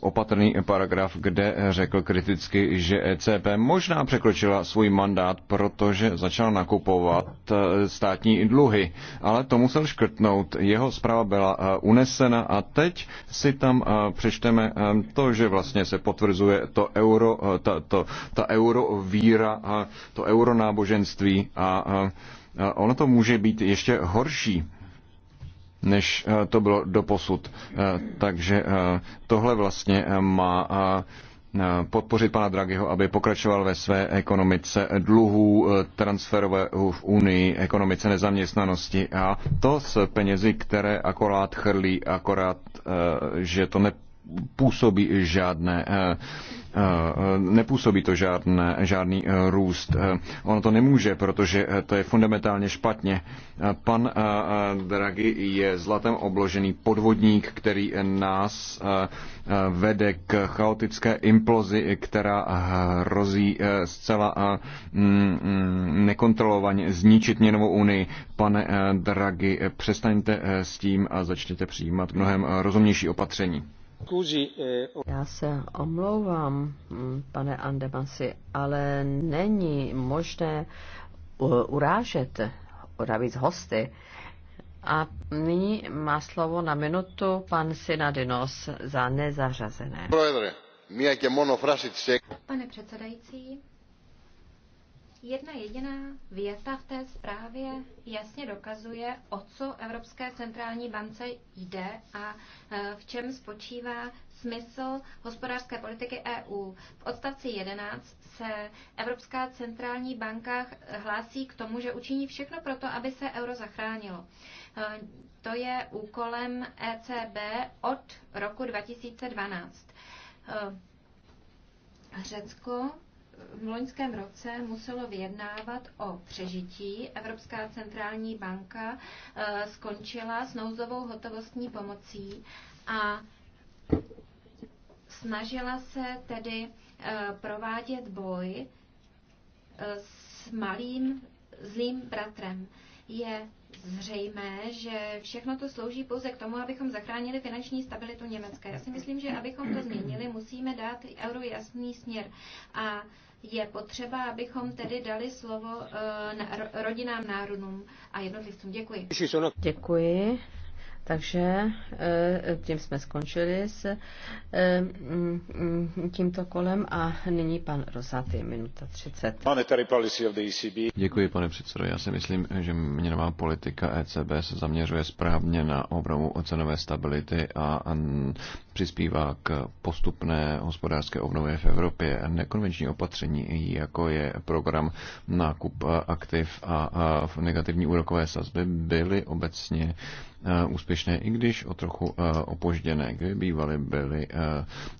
opatrný paragraf, kde řekl kriticky, že ECB možná překročila svůj mandát, protože začal nakupovat eh, státní dluhy, ale to musel škrtnout. Jeho zpráva byla eh, unesena a teď si tam přečteme to, že vlastně se potvrzuje to euro, ta, to, ta eurovíra, to euronáboženství a ono to může být ještě horší než eh, to bylo doposud. Eh, takže eh, tohle vlastně má podpořit pana Draghiho, aby pokračoval ve své ekonomice dluhů, transferové v Unii, ekonomice nezaměstnanosti a to s penězi, které akorát chrlí, akorát, že to ne nepůsobí žádné eh, eh, nepůsobí to žádné, žádný eh, růst. Ono to nemůže, protože to je fundamentálně špatně. Pan Draghi je zlatem obložený podvodník, který nás vede k chaotické implozi, která hrozí zcela mm, mm, nekontrolovaně zničit měnovou unii. Pane Draghi, přestaňte s tím a začněte přijímat mnohem rozumnější opatření. Eh, Já se omlouvám, mm, pane Andemasi, ale není možné eh, urážet navíc hosty. A nyní má slovo na minutu pan Synadinos za nezařazené. Pane předsedající, jedna jediná věta v té zprávě jasně dokazuje, o co Evropské centrální bance jde a e, v čem spočívá smysl hospodářské politiky EU. V odstavci 11 se Evropská centrální banka hlásí k tomu, že učiní všechno pro to, aby se euro zachránilo. E, to je úkolem ECB od roku 2012. E, Řecko v loňském roce muselo vyjednávat o přežití. Evropská centrální banka eh, skončila s nouzovou hotovostní pomocí a snažila se tedy eh, provádět boj eh, s malým zlým bratrem. Je zřejmé, že všechno to slouží pouze k tomu, abychom zachránili finanční stabilitu Německa. Já si myslím, že abychom to změnili, musíme dát euro jasný směr. A je potřeba, abychom tedy dali slovo eh, rodinám národům a jednotlivcům. Děkuji. Děkuji. Takže eh, tím jsme skončili s eh, mm, tímto kolem a nyní pan Rosaty, minuta 30. E Děkuji, pane předsedo. Já si myslím, že měnová politika ECB se zaměřuje správně na obnovu ocenové stability a přispívá k postupné hospodářské obnově v Evropě. Nekonvenční opatření, jako je program nákup aktiv a negativní úrokové sazby, byly obecně e, úspěšné, i když o trochu e, opožděné. Kdyby bývaly byly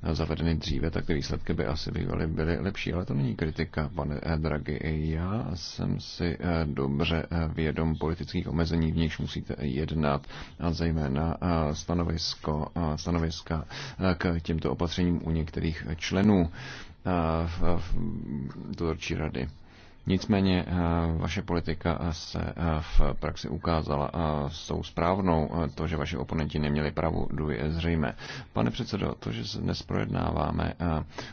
e, zavedeny dříve, tak ty výsledky by asi bývaly byly lepší. Ale to není kritika, pane Draghi. Já jsem si dobře vědom politických omezení, v nichž musíte jednat, a zejména stanovisko, stanoviska Eh, k těmto opatřením u některých členů eh, dozorčí rady. Nicméně eh, vaše politika se eh, v praxi ukázala a eh, jsou správnou. To, že vaši oponenti neměli pravdu, je zřejmé. Pane předsedo, to, že dnes projednáváme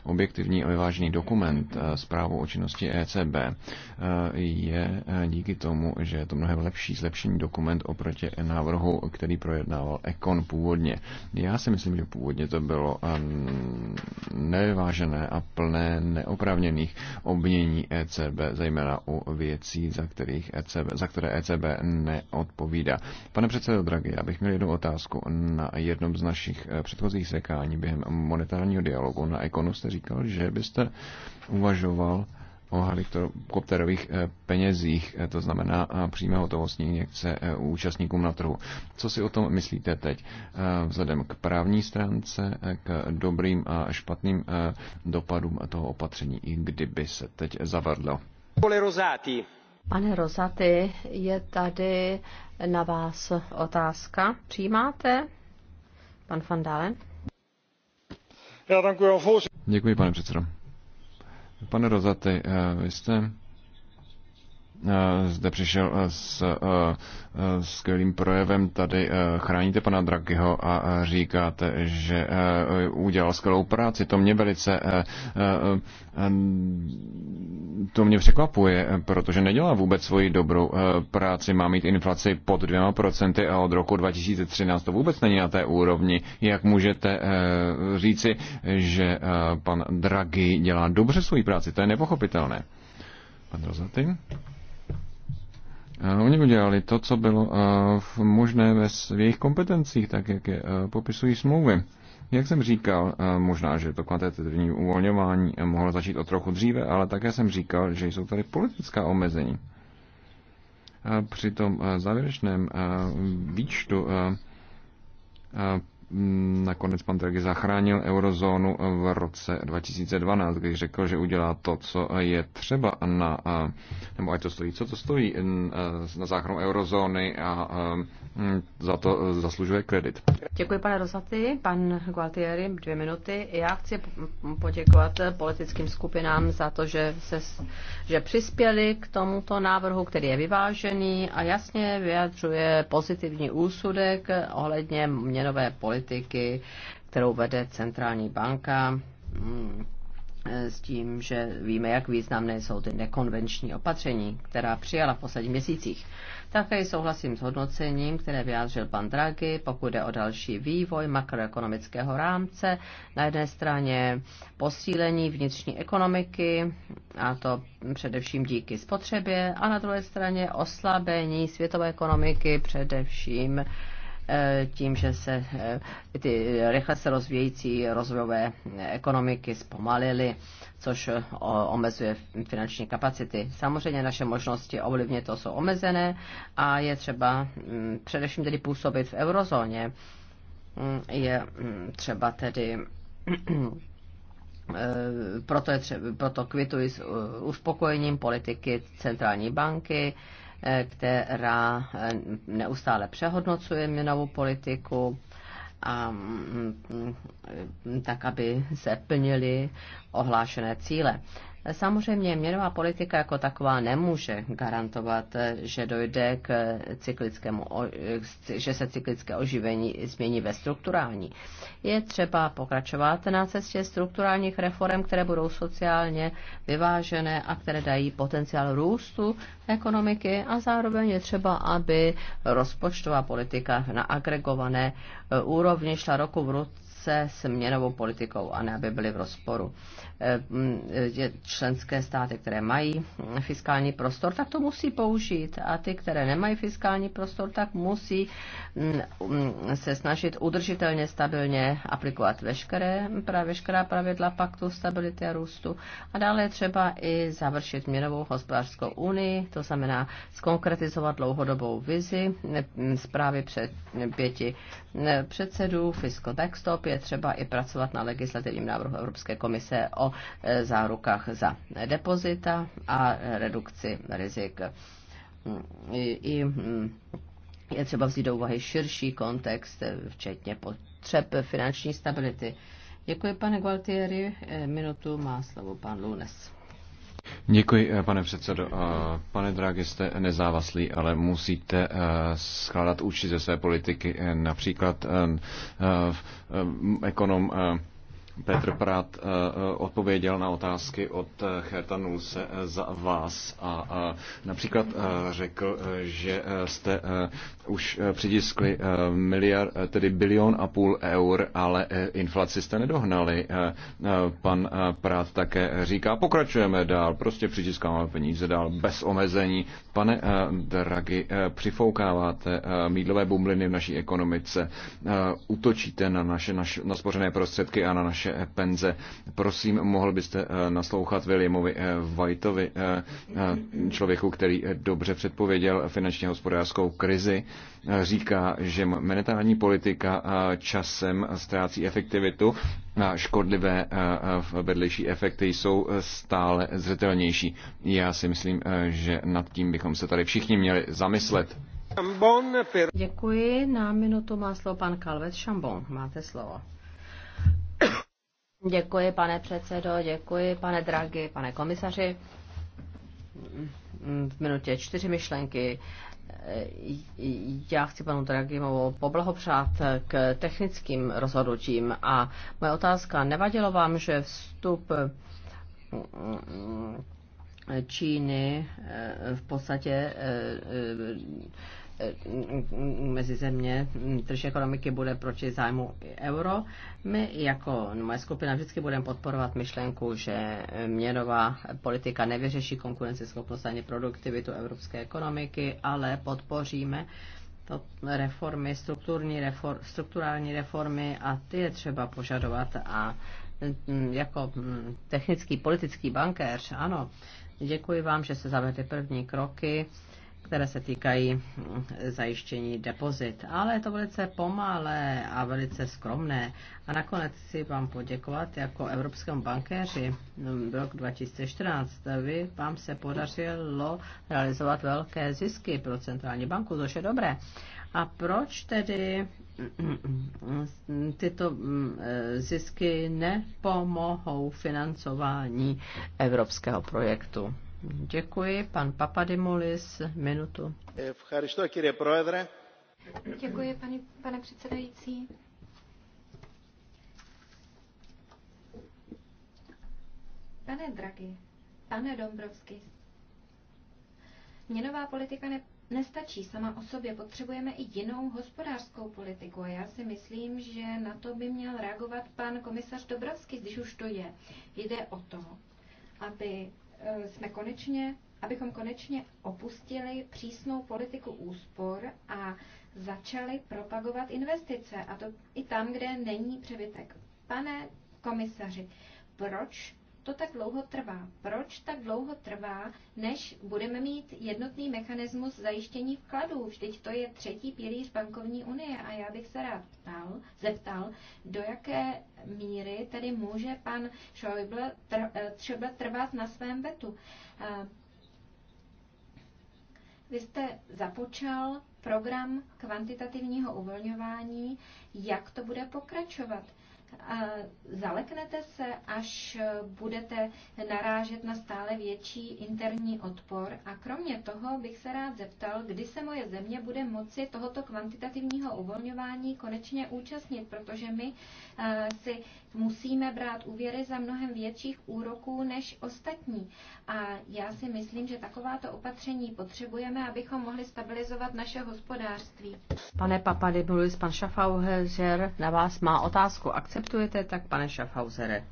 objektivní a vyvážený dokument zprávu o činnosti ECB, je díky tomu, že je to mnohem lepší zlepšení dokument oproti návrhu, který projednával Ekon původně. Já si myslím, že původně to bylo ehm, nevyvážené a plné neoprávněných obmění ECB zejména u věcí, za, kterých ECB, za které ECB neodpovídá. Pane předsedo Draghi, já bych měl jednu otázku. Na jednom z našich eh, předchozích sekání během monetárního dialogu na Ekonu jste říkal, že byste uvažoval o helikopterových eh, penězích, eh, to znamená přímé hotovostní injekce účastníkům na trhu. Co si o tom myslíte teď vzhledem k právní stránce, k dobrým a špatným dopadům toho opatření, i kdyby se teď zavadlo? Pane Rosati je tady na vás otázka. Přijímáte? Pan van Dalen. Děkuji, pane předsedo. Pane Rozaty, eh, vy jste Eh, zde přišel eh, s eh, skvělým projevem. Tady chráníte pana Drakyho a říkáte, že udělal skvělou práci. To mě velice to mě překvapuje, protože nedělá vůbec svoji dobrou práci. Má mít inflaci pod dvěma procenty a od roku 2013 to vůbec není na té úrovni. Jak můžete říci, že pan Draghi dělá dobře svoji práci? To je nepochopitelné. Pan Rozaty? Eh, oni udělali to, co bylo eh, možné ve svých kompetencích, tak jak je eh, popisují smlouvy. Jak jsem říkal, možná, že to kvantitativní uvolňování mohlo začít o trochu dříve, ale také jsem říkal, že jsou tady politická omezení. Při tom závěrečném výčtu Mm, nakonec pan Draghi zachránil eurozónu v roce 2012, když řekl, že udělá to, co je třeba na, nebo ať to stojí, co to stojí na záchranu eurozóny a mm, za to e, zaslužuje kredit. Děkuji, pane Rosaty. Pan Gualtieri, dvě minuty. Já chci poděkovat politickým skupinám za to, že, se, že přispěli k tomuto návrhu, který je vyvážený a jasně vyjadřuje pozitivní úsudek ohledně měnové politiky politiky, kterou vede centrální banka mm, s tím, že víme, jak významné jsou ty nekonvenční opatření, která přijala v posledních měsících. Také souhlasím s hodnocením, které vyjádřil pan Draghi, pokud jde o další vývoj makroekonomického rámce. Na jedné straně posílení vnitřní ekonomiky, a to především díky spotřebě, a na druhé straně oslabení světové ekonomiky, především Eh, tím, že se eh, ty rychle se rozvíjející rozvojové ekonomiky zpomalily, což omezuje finanční kapacity. Samozřejmě naše možnosti ovlivnit to jsou omezené a je třeba mm, především tedy působit v eurozóně. Mm, je mm, třeba tedy eh, proto, je třeba, proto kvituji s uspokojením politiky centrální banky, která eh, neustále přehodnocuje měnovou politiku a mm, mm, tak, aby se plnily ohlášené cíle. Samozřejmě měnová politika jako taková nemůže garantovat, že dojde k cyklickému, že se cyklické oživení změní ve strukturální. Je třeba pokračovat na cestě strukturálních reform, které budou sociálně vyvážené a které dají potenciál růstu ekonomiky a zároveň je třeba, aby rozpočtová politika na agregované e, úrovni šla roku v ruce se měnovou politikou a ne aby byly v rozporu. Eh, mm, členské státy, které mají fiskální prostor, tak to musí použít a ty, které nemají fiskální prostor, tak musí mm, mm, se snažit udržitelně, stabilně aplikovat veškeré, veškerá pravidla paktu stability a růstu. A dále třeba i završit měnovou hospodářskou unii, to znamená skonkretizovat dlouhodobou vizi zprávy před pěti předsedů, fiskotextop, je třeba i pracovat na legislativním návrhu Evropské komise o e, zárukách za depozita a redukci rizik. Mm, I, mm, je třeba vzít do úvahy širší kontext, e, včetně potřeb finanční stability. Děkuji, pane Gualtieri. E, minutu má slovo pan Lunes. Děkuji, eh, pane předsedo. Eh, pane Draghi, jste nezávaslý, ale musíte eh, skládat účty ze své politiky. Například ekonom Petr Prat eh, eh, odpověděl na otázky od eh, Herta Nulse za vás a například řekl, že jste už přidiskli miliard, tedy bilion a půl eur, ale inflaci jste nedohnali. Pan Prat také říká, pokračujeme dál, prostě přitiskáme peníze dál bez omezení. Pane Dragi, přifoukáváte mídlové bumbliny v naší ekonomice, utočíte na naše na naspořené prostředky a na naše naše penze. Prosím, mohl byste eh, naslouchat Williamovi eh, Whiteovi, eh, člověku, který dobře předpověděl finančně hospodářskou krizi. Říká, že monetární politika časem ztrácí efektivitu a škodlivé vedlejší efekty jsou stále zřetelnější. Já si myslím, že nad tím bychom se tady všichni měli zamyslet. Děkuji. Na minutu má slovo pan Kalvet Šambon. Máte slovo. Děkuji, pane předsedo, děkuji, pane Draghi, pane komisaři. V minutě čtyři myšlenky. Já chci panu Dragimovu poblahopřát k technickým rozhodnutím a moje otázka, nevadilo vám, že vstup Číny v podstatě Eh, mezi země mm, trž ekonomiky bude proti zájmu euro. My jako moje skupina vždycky budeme podporovat myšlenku, že eh, měnová politika nevyřeší konkurenceschopnost ani produktivitu evropské ekonomiky, ale podpoříme to reformy, strukturní refor, strukturální reformy a ty je třeba požadovat a mm, jako mm, technický politický bankéř, ano, děkuji vám, že se zavedly první kroky které se týkají zajištění depozit. Ale je to velice pomalé a velice skromné. A nakonec si vám poděkovat jako evropskému bankéři v roku 2014. Vy, vám se podařilo realizovat velké zisky pro centrální banku, což je dobré. A proč tedy tyto mm, eh, zisky nepomohou financování evropského projektu? Děkuji, pan Papadimolis, minutu. Děkuji, paní, pane předsedající. Pane Draghi, pane Dombrovsky, měnová politika ne, nestačí sama o sobě, potřebujeme i jinou hospodářskou politiku. A já si myslím, že na to by měl reagovat pan komisař Dobrovský, když už to je. Jde o to, aby Eh, jsme konečně, abychom konečně opustili přísnou politiku úspor a začali propagovat investice, a to i tam, kde není přebytek. Pane komisaři, proč to tak dlouho trvá? Proč tak dlouho trvá, než budeme mít jednotný mechanismus zajištění vkladů? Vždyť to je třetí pilíř bankovní unie a já bych se rád ptal, zeptal, do jaké míry tedy může pan Schäuble tr, třeba eh, trvat na svém vetu. Eh, vy jste započal program kvantitativního uvolňování. Jak to bude pokračovat? zaleknete se, až budete narážet na stále větší interní odpor? A kromě toho bych se rád zeptal, kdy se moje země bude moci tohoto kvantitativního uvolňování konečně účastnit, protože my si musíme brát úvěry za mnohem větších úroků než ostatní. A já si myslím, že takováto opatření potřebujeme, abychom mohli stabilizovat naše hospodářství. Pane Papadimulis, pan Schaffhauser na vás má otázku. Akceptujete tak, pane Schaffhausere?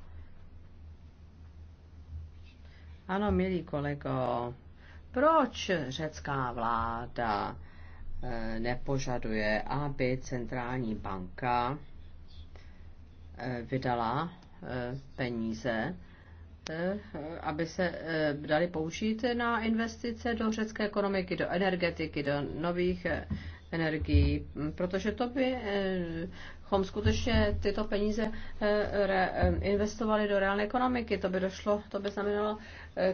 Ano, milý kolego, proč řecká vláda eh, nepožaduje, aby centrální banka Eh, vydala eh, peníze, eh, aby se dali použít na investice do řecké ekonomiky, do energetiky, do nových energií, protože to by bychom skutečně tyto peníze investovali do reálné ekonomiky. To by došlo, to by znamenalo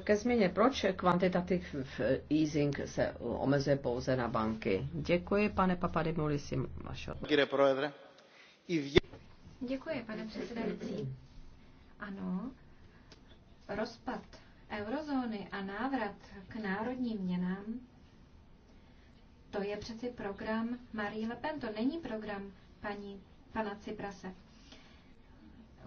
ke změně. Proč kvantitativ easing se omezuje pouze na banky? Děkuji, pane Papadimulisi. Děkuji, pane předsedající. Ano, rozpad eurozóny a návrat k národním měnám, to je přeci program Marie Le Pen, to není program paní pana Ciprase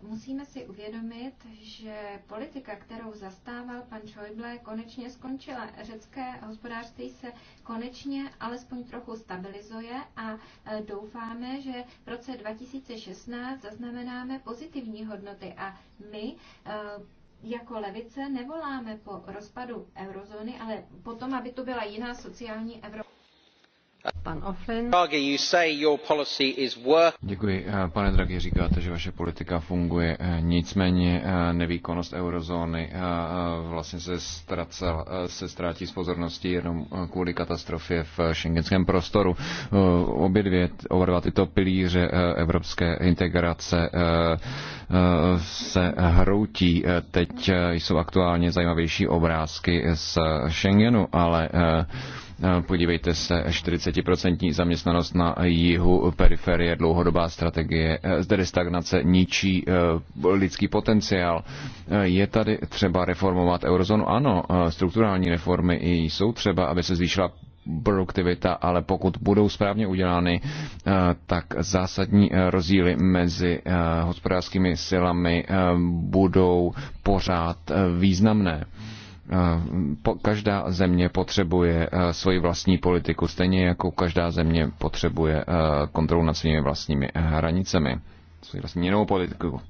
musíme si uvědomit, že politika, kterou zastával pan Schäuble, konečně skončila. Řecké hospodářství se konečně alespoň trochu stabilizuje a e, doufáme, že v roce 2016 zaznamenáme pozitivní hodnoty a my e, jako levice nevoláme po rozpadu eurozóny, ale potom, aby to byla jiná sociální Evropa. Děkuji, eh, pane Draghi, říkáte, že vaše politika funguje. Eh, nicméně eh, nevýkonnost eurozóny vlastně se, ztracel, se ztrátí z pozornosti jenom kvůli katastrofě v šengenském prostoru. Obě dvě, oba dva tyto pilíře evropské integrace se hroutí. Teď jsou aktuálně zajímavější obrázky z Schengenu, ale Podívejte se, 40% zaměstnanost na jihu periferie, dlouhodobá strategie, zde eh, stagnace ničí eh, lidský potenciál. Eh, je tady třeba reformovat eurozónu? Ano, strukturální reformy jsou třeba, aby se zvýšila produktivita, ale pokud budou správně udělány, tak zásadní rozdíly mezi hospodářskými silami budou pořád významné. Eh, každá země potřebuje eh, svoji vlastní politiku, stejně jako každá země potřebuje eh, kontrolu nad svými vlastními hranicemi, svoji vlastní jinou politiku.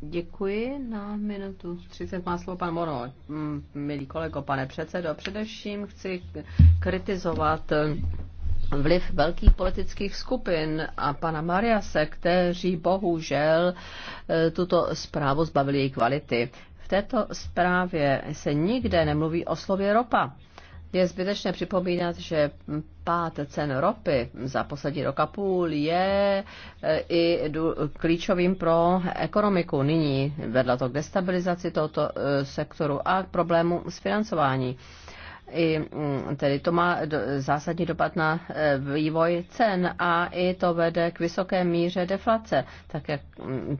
Děkuji. Na minutu 30 má slovo pan Moro. Mm, milý kolego, pane předsedo, především chci kritizovat vliv velkých politických skupin a pana Mariase, kteří bohužel tuto zprávu zbavili její kvality této zprávě se nikde nemluví o slově ropa. Je zbytečné připomínat, že pád cen ropy za poslední rok a půl je eh, i klíčovým pro ekonomiku. Nyní vedla to k destabilizaci tohoto eh, sektoru a k problému s financováním i mm, tedy to má zásadní dopad na e, vývoj cen a i to vede k vysoké míře deflace. Také mm,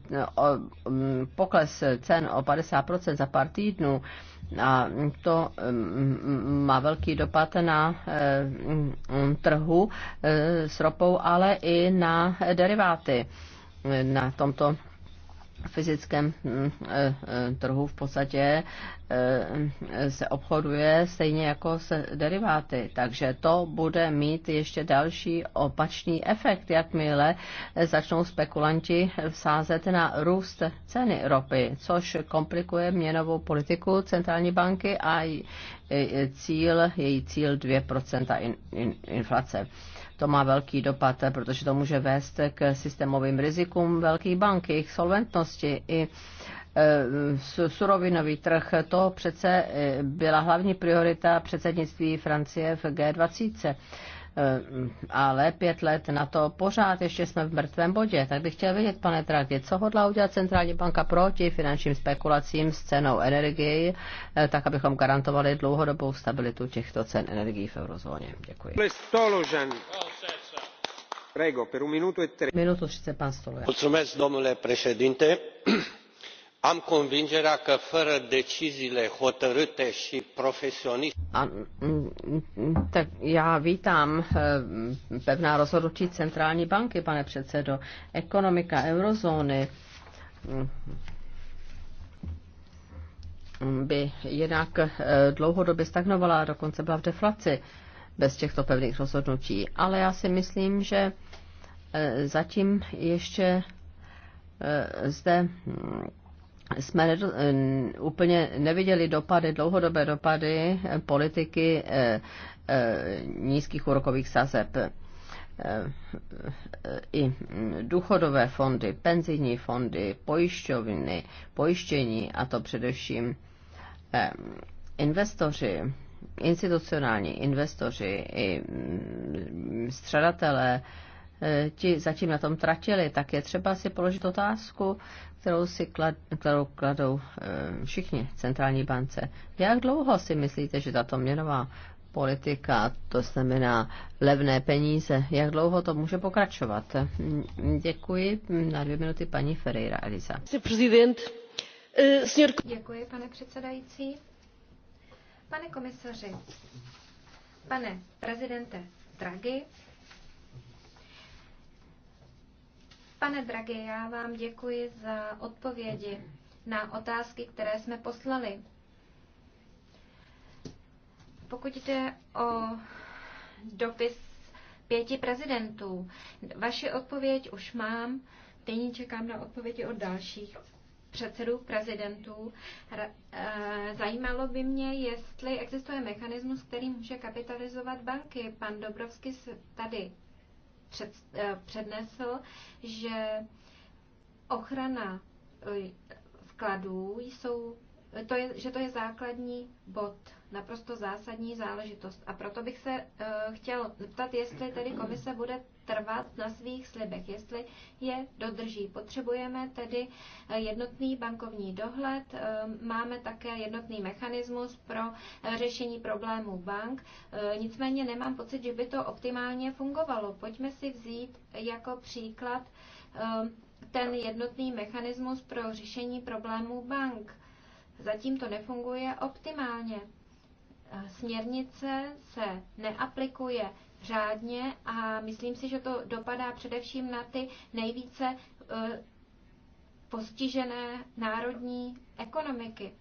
mm, pokles cen o 50% za pár týdnů a to má velký dopad na e, trhu e, s ropou, ale i na deriváty na tomto fyzickém hm, eh, eh, trhu v podstatě eh, se obchoduje stejně jako se deriváty. Takže to bude mít ještě další opačný efekt, jakmile začnou spekulanti vsázet na růst ceny ropy, což komplikuje měnovou politiku centrální banky a cíl, její cíl 2% in, in, inflace to má velký dopad, eh, protože to může vést k systémovým rizikům velkých bank, jejich solventnosti i eh, surovinový trh. To přece eh, byla hlavní priorita předsednictví Francie v G20. Eh, ale pět let na to pořád ještě jsme v mrtvém bodě. Tak bych chtěl vědět, pane Draghi, co hodlá udělat Centrální banka proti finančním spekulacím s cenou energii, eh, tak abychom garantovali dlouhodobou stabilitu těchto cen energií v eurozóně. Děkuji. Prego, per un minuto e tre. Minutu 30, pan Stolujan. Mulțumesc, domnule președinte am convingerea că fără deciziile hotărâte și profesioniste. já vítám eh, pevná rozhodnutí centrální banky, pane předsedo. Ekonomika eurozóny mm, by jinak eh, dlouhodobě stagnovala, dokonce byla v deflaci bez těchto pevných rozhodnutí. Ale já si myslím, že eh, zatím ještě zde mm, jsme úplně neviděli dopady, dlouhodobé dopady eh, politiky eh, eh, nízkých úrokových sazeb. I mm, důchodové fondy, penzijní fondy, pojišťoviny, pojištění a to především investoři, institucionální investoři i mm, střadatelé, Eh, ti zatím na tom tratili, tak je třeba si položit otázku, kterou si klad, kterou kladou eh, všichni centrální bance. Jak dlouho si myslíte, že tato měnová politika, to znamená levné peníze, jak dlouho to může pokračovat? Mm, děkuji. Na dvě minuty paní Ferreira Elisa. Euh, děkuji, pane předsedající. Pane komisaři, pane prezidente Draghi, Pane Draghi, já vám děkuji za odpovědi na otázky, které jsme poslali. Pokud jde o dopis pěti prezidentů, vaši odpověď už mám. Nyní čekám na odpovědi od dalších předsedů prezidentů. Eh, zajímalo by mě, jestli existuje mechanismus, který může kapitalizovat banky. Pan Dobrovský tady před, eh, přednesl, že ochrana eh, vkladů jsou, to je, že to je základní bod naprosto zásadní záležitost. A proto bych se uh, chtěl ptat, jestli tedy komise bude trvat na svých slibech, jestli je dodrží. Potřebujeme tedy eh, jednotný bankovní dohled, eh, máme také jednotný mechanismus pro řešení problémů bank, nicméně nemám pocit, že by to optimálně fungovalo. Pojďme si vzít jako příklad ten jednotný mechanismus pro řešení problémů bank. Zatím to nefunguje optimálně směrnice se neaplikuje řádně a myslím si, že to dopadá především na ty nejvíce e, postižené národní ekonomiky.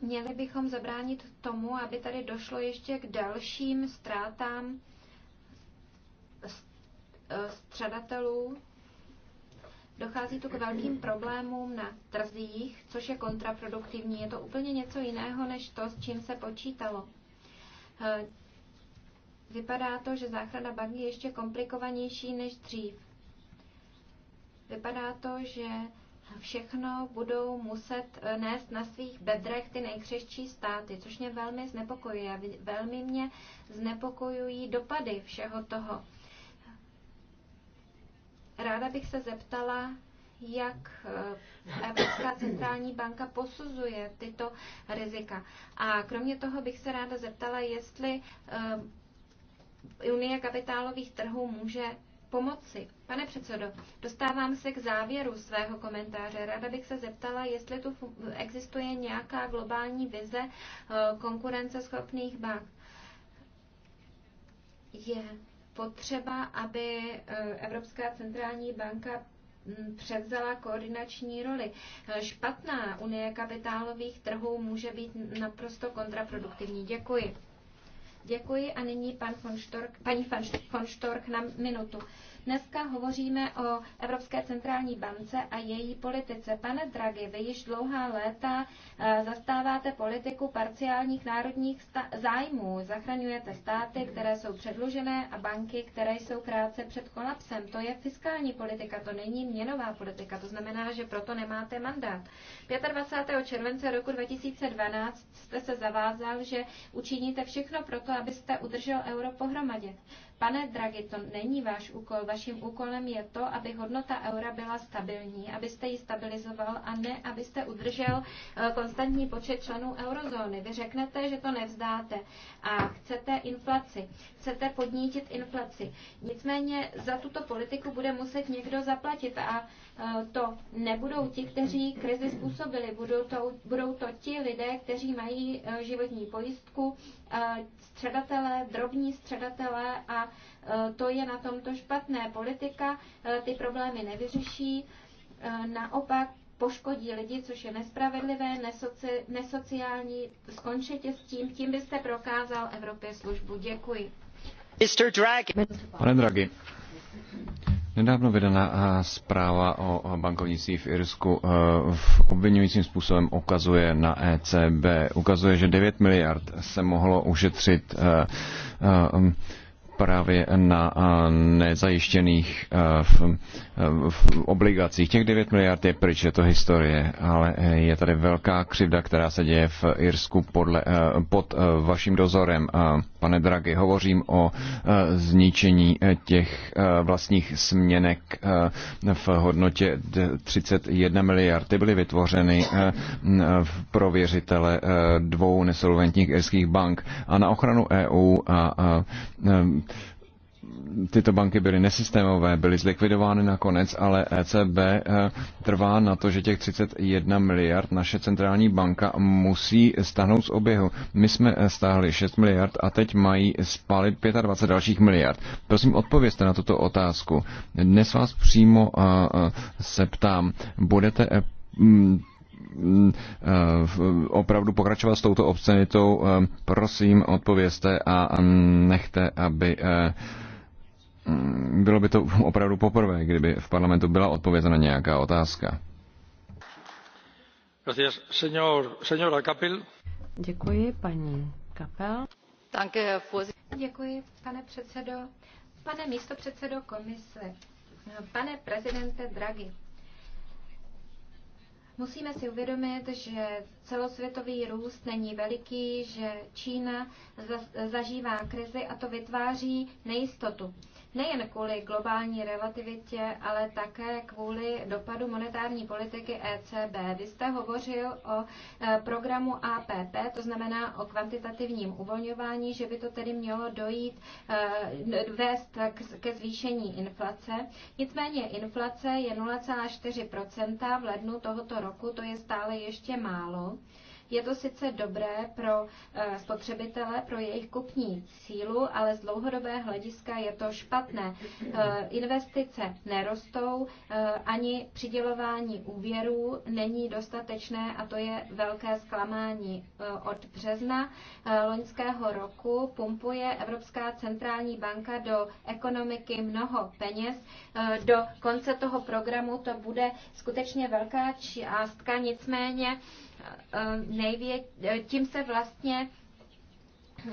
Měli bychom zabránit tomu, aby tady došlo ještě k dalším ztrátám e, střadatelů Dochází tu k velkým problémům na trzích, což je kontraproduktivní. Je to úplně něco jiného, než to, s čím se počítalo. Eh, vypadá to, že záchrana bagy je ještě komplikovanější než dřív. Vypadá to, že všechno budou muset eh, nést na svých bedrech ty nejkřehčí státy, což mě velmi znepokojuje. Velmi mě znepokojují dopady všeho toho. Ráda bych se zeptala, jak eh, Evropská centrální banka posuzuje tyto rizika. A kromě toho bych se ráda zeptala, jestli eh, Unie kapitálových trhů může pomoci. Pane předsedo, dostávám se k závěru svého komentáře. Ráda bych se zeptala, jestli tu existuje nějaká globální vize eh, konkurenceschopných bank. Je potřeba, aby eh, Evropská centrální banka mm, převzala koordinační roli. Eh, špatná unie kapitálových trhů může být naprosto kontraproduktivní. Děkuji. Děkuji a nyní pan von Stork, paní von Stork na minutu. Dneska hovoříme o Evropské centrální bance a její politice. Pane Draghi, vy již dlouhá léta eh, zastáváte politiku parciálních národních zájmů. Zachraňujete státy, které jsou předlužené a banky, které jsou krátce před kolapsem. To je fiskální politika, to není měnová politika. To znamená, že proto nemáte mandát. 25. července roku 2012 jste se zavázal, že učiníte všechno pro to, abyste udržel euro pohromadě. Pane Draghi, to není váš úkol. Vaším úkolem je to, aby hodnota eura byla stabilní, abyste ji stabilizoval a ne, abyste udržel eh, konstantní počet členů eurozóny. Vy řeknete, že to nevzdáte a chcete inflaci, chcete podnítit inflaci. Nicméně za tuto politiku bude muset někdo zaplatit a eh, to nebudou ti, kteří krizi způsobili, budou to, budou to ti lidé, kteří mají eh, životní pojistku, středatelé, drobní středatelé a e, to je na tomto špatné. Politika e, ty problémy nevyřeší, e, naopak poškodí lidi, což je nespravedlivé, nesoci, nesociální. Skončete s tím, tím byste prokázal Evropě službu. Děkuji. Mr. Draghi. Pane Draghi, Nedávno vydaná eh, zpráva o bankovnictví v Irsku eh, v obvinujícím způsobem ukazuje na ECB. Ukazuje, že 9 miliard se mohlo ušetřit eh, právě na nezajištěných v, v obligacích. Těch 9 miliard je pryč, je to historie, ale e, je tady velká křivda, která se děje v Irsku podle, e, pod e, vaším dozorem. Pane Draghi, hovořím o zničení těch vlastních směnek v hodnotě 31 miliard. Ty byly vytvořeny v prověřitele dvou nesolventních irských bank a na ochranu EU a tyto banky byly nesystémové, byly zlikvidovány nakonec, ale ECB eh, trvá na to, že těch 31 miliard naše centrální banka musí stáhnout z oběhu. My jsme eh, stáhli 6 miliard a teď mají spálit 25 dalších miliard. Prosím, odpovězte na tuto otázku. Dnes vás přímo eh, se ptám, budete mm, mm, opravdu pokračovat s touto obscenitou, prosím, odpovězte a mm, nechte, aby Mm, bylo by to opravdu poprvé, kdyby v parlamentu byla odpovězena nějaká otázka. Děkuji, paní Kapel. Děkuji, pane předsedo. Pane místo předsedo komise, pane prezidente Draghi, Musíme si uvědomit, že celosvětový růst není veliký, že Čína zažívá krizi a to vytváří nejistotu nejen kvůli globální relativitě, ale také kvůli dopadu monetární politiky ECB. Vy jste hovořil o e, programu APP, to znamená o kvantitativním uvolňování, že by to tedy mělo dojít, e, vést ke zvýšení inflace. Nicméně inflace je 0,4% v lednu tohoto roku, to je stále ještě málo. Je to sice dobré pro eh, spotřebitele, pro jejich kupní sílu, ale z dlouhodobé hlediska je to špatné. Eh, investice nerostou, eh, ani přidělování úvěrů není dostatečné a to je velké zklamání. Od března loňského roku pumpuje Evropská centrální banka do ekonomiky mnoho peněz. Do konce toho programu to bude skutečně velká částka, nicméně Eh, nejvě, eh, tím se vlastně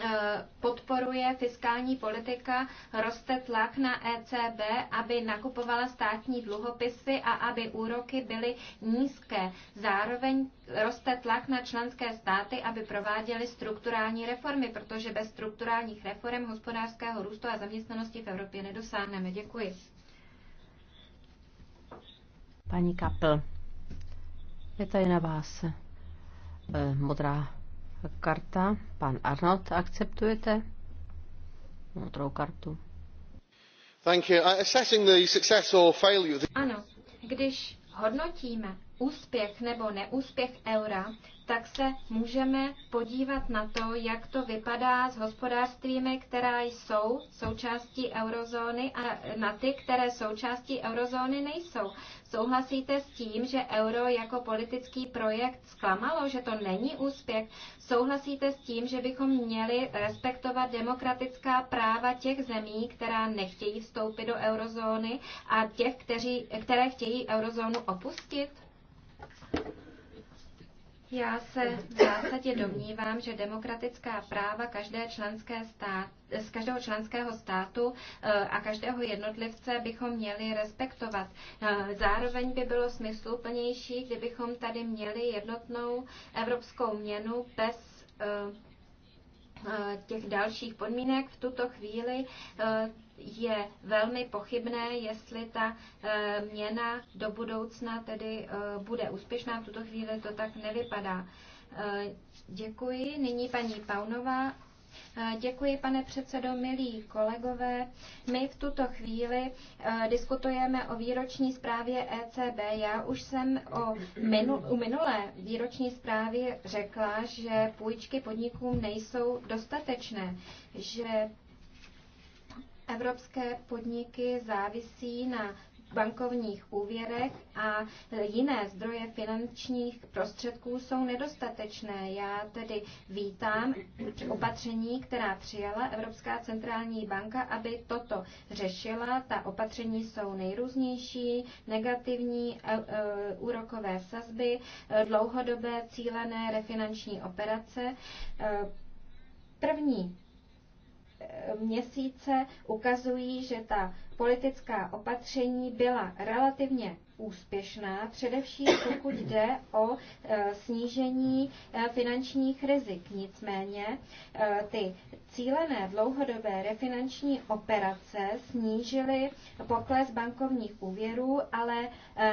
eh, podporuje fiskální politika, roste tlak na ECB, aby nakupovala státní dluhopisy a aby úroky byly nízké. Zároveň roste tlak na členské státy, aby prováděly strukturální reformy, protože bez strukturálních reform hospodářského růstu a zaměstnanosti v Evropě nedosáhneme. Děkuji. Paní Kapl, je tady na vás. Eh, modrá karta. Pan Arnold, akceptujete modrou kartu? Thank you. Uh, assessing the success or failure. Ano, když hodnotíme úspěch nebo neúspěch eura, tak se můžeme podívat na to, jak to vypadá s hospodářstvími, která jsou součástí eurozóny a na ty, které součástí eurozóny nejsou. Souhlasíte s tím, že euro jako politický projekt zklamalo, že to není úspěch? Souhlasíte s tím, že bychom měli respektovat demokratická práva těch zemí, která nechtějí vstoupit do eurozóny a těch, kteří, které chtějí eurozónu opustit? Já se v zásadě domnívám, že demokratická práva každé členské stát, z každého členského státu eh, a každého jednotlivce bychom měli respektovat. Eh, zároveň by bylo smysluplnější, kdybychom tady měli jednotnou evropskou měnu bez eh, těch dalších podmínek. V tuto chvíli je velmi pochybné, jestli ta eh, měna do budoucna tedy eh, bude úspěšná. V tuto chvíli to tak nevypadá. Eh, děkuji. Nyní paní Paunová. Děkuji, pane předsedo, milí kolegové. My v tuto chvíli diskutujeme o výroční zprávě ECB. Já už jsem o minul, u minulé výroční zprávě řekla, že půjčky podnikům nejsou dostatečné, že Evropské podniky závisí na bankovních úvěrech a jiné zdroje finančních prostředků jsou nedostatečné. Já tedy vítám opatření, která přijala Evropská centrální banka, aby toto řešila. Ta opatření jsou nejrůznější, negativní e, e, úrokové sazby, dlouhodobé cílené refinanční operace. E, první měsíce ukazují, že ta politická opatření byla relativně úspěšná, především pokud jde o e, snížení e, finančních rizik. Nicméně e, ty cílené dlouhodobé refinanční operace snížily pokles bankovních úvěrů, ale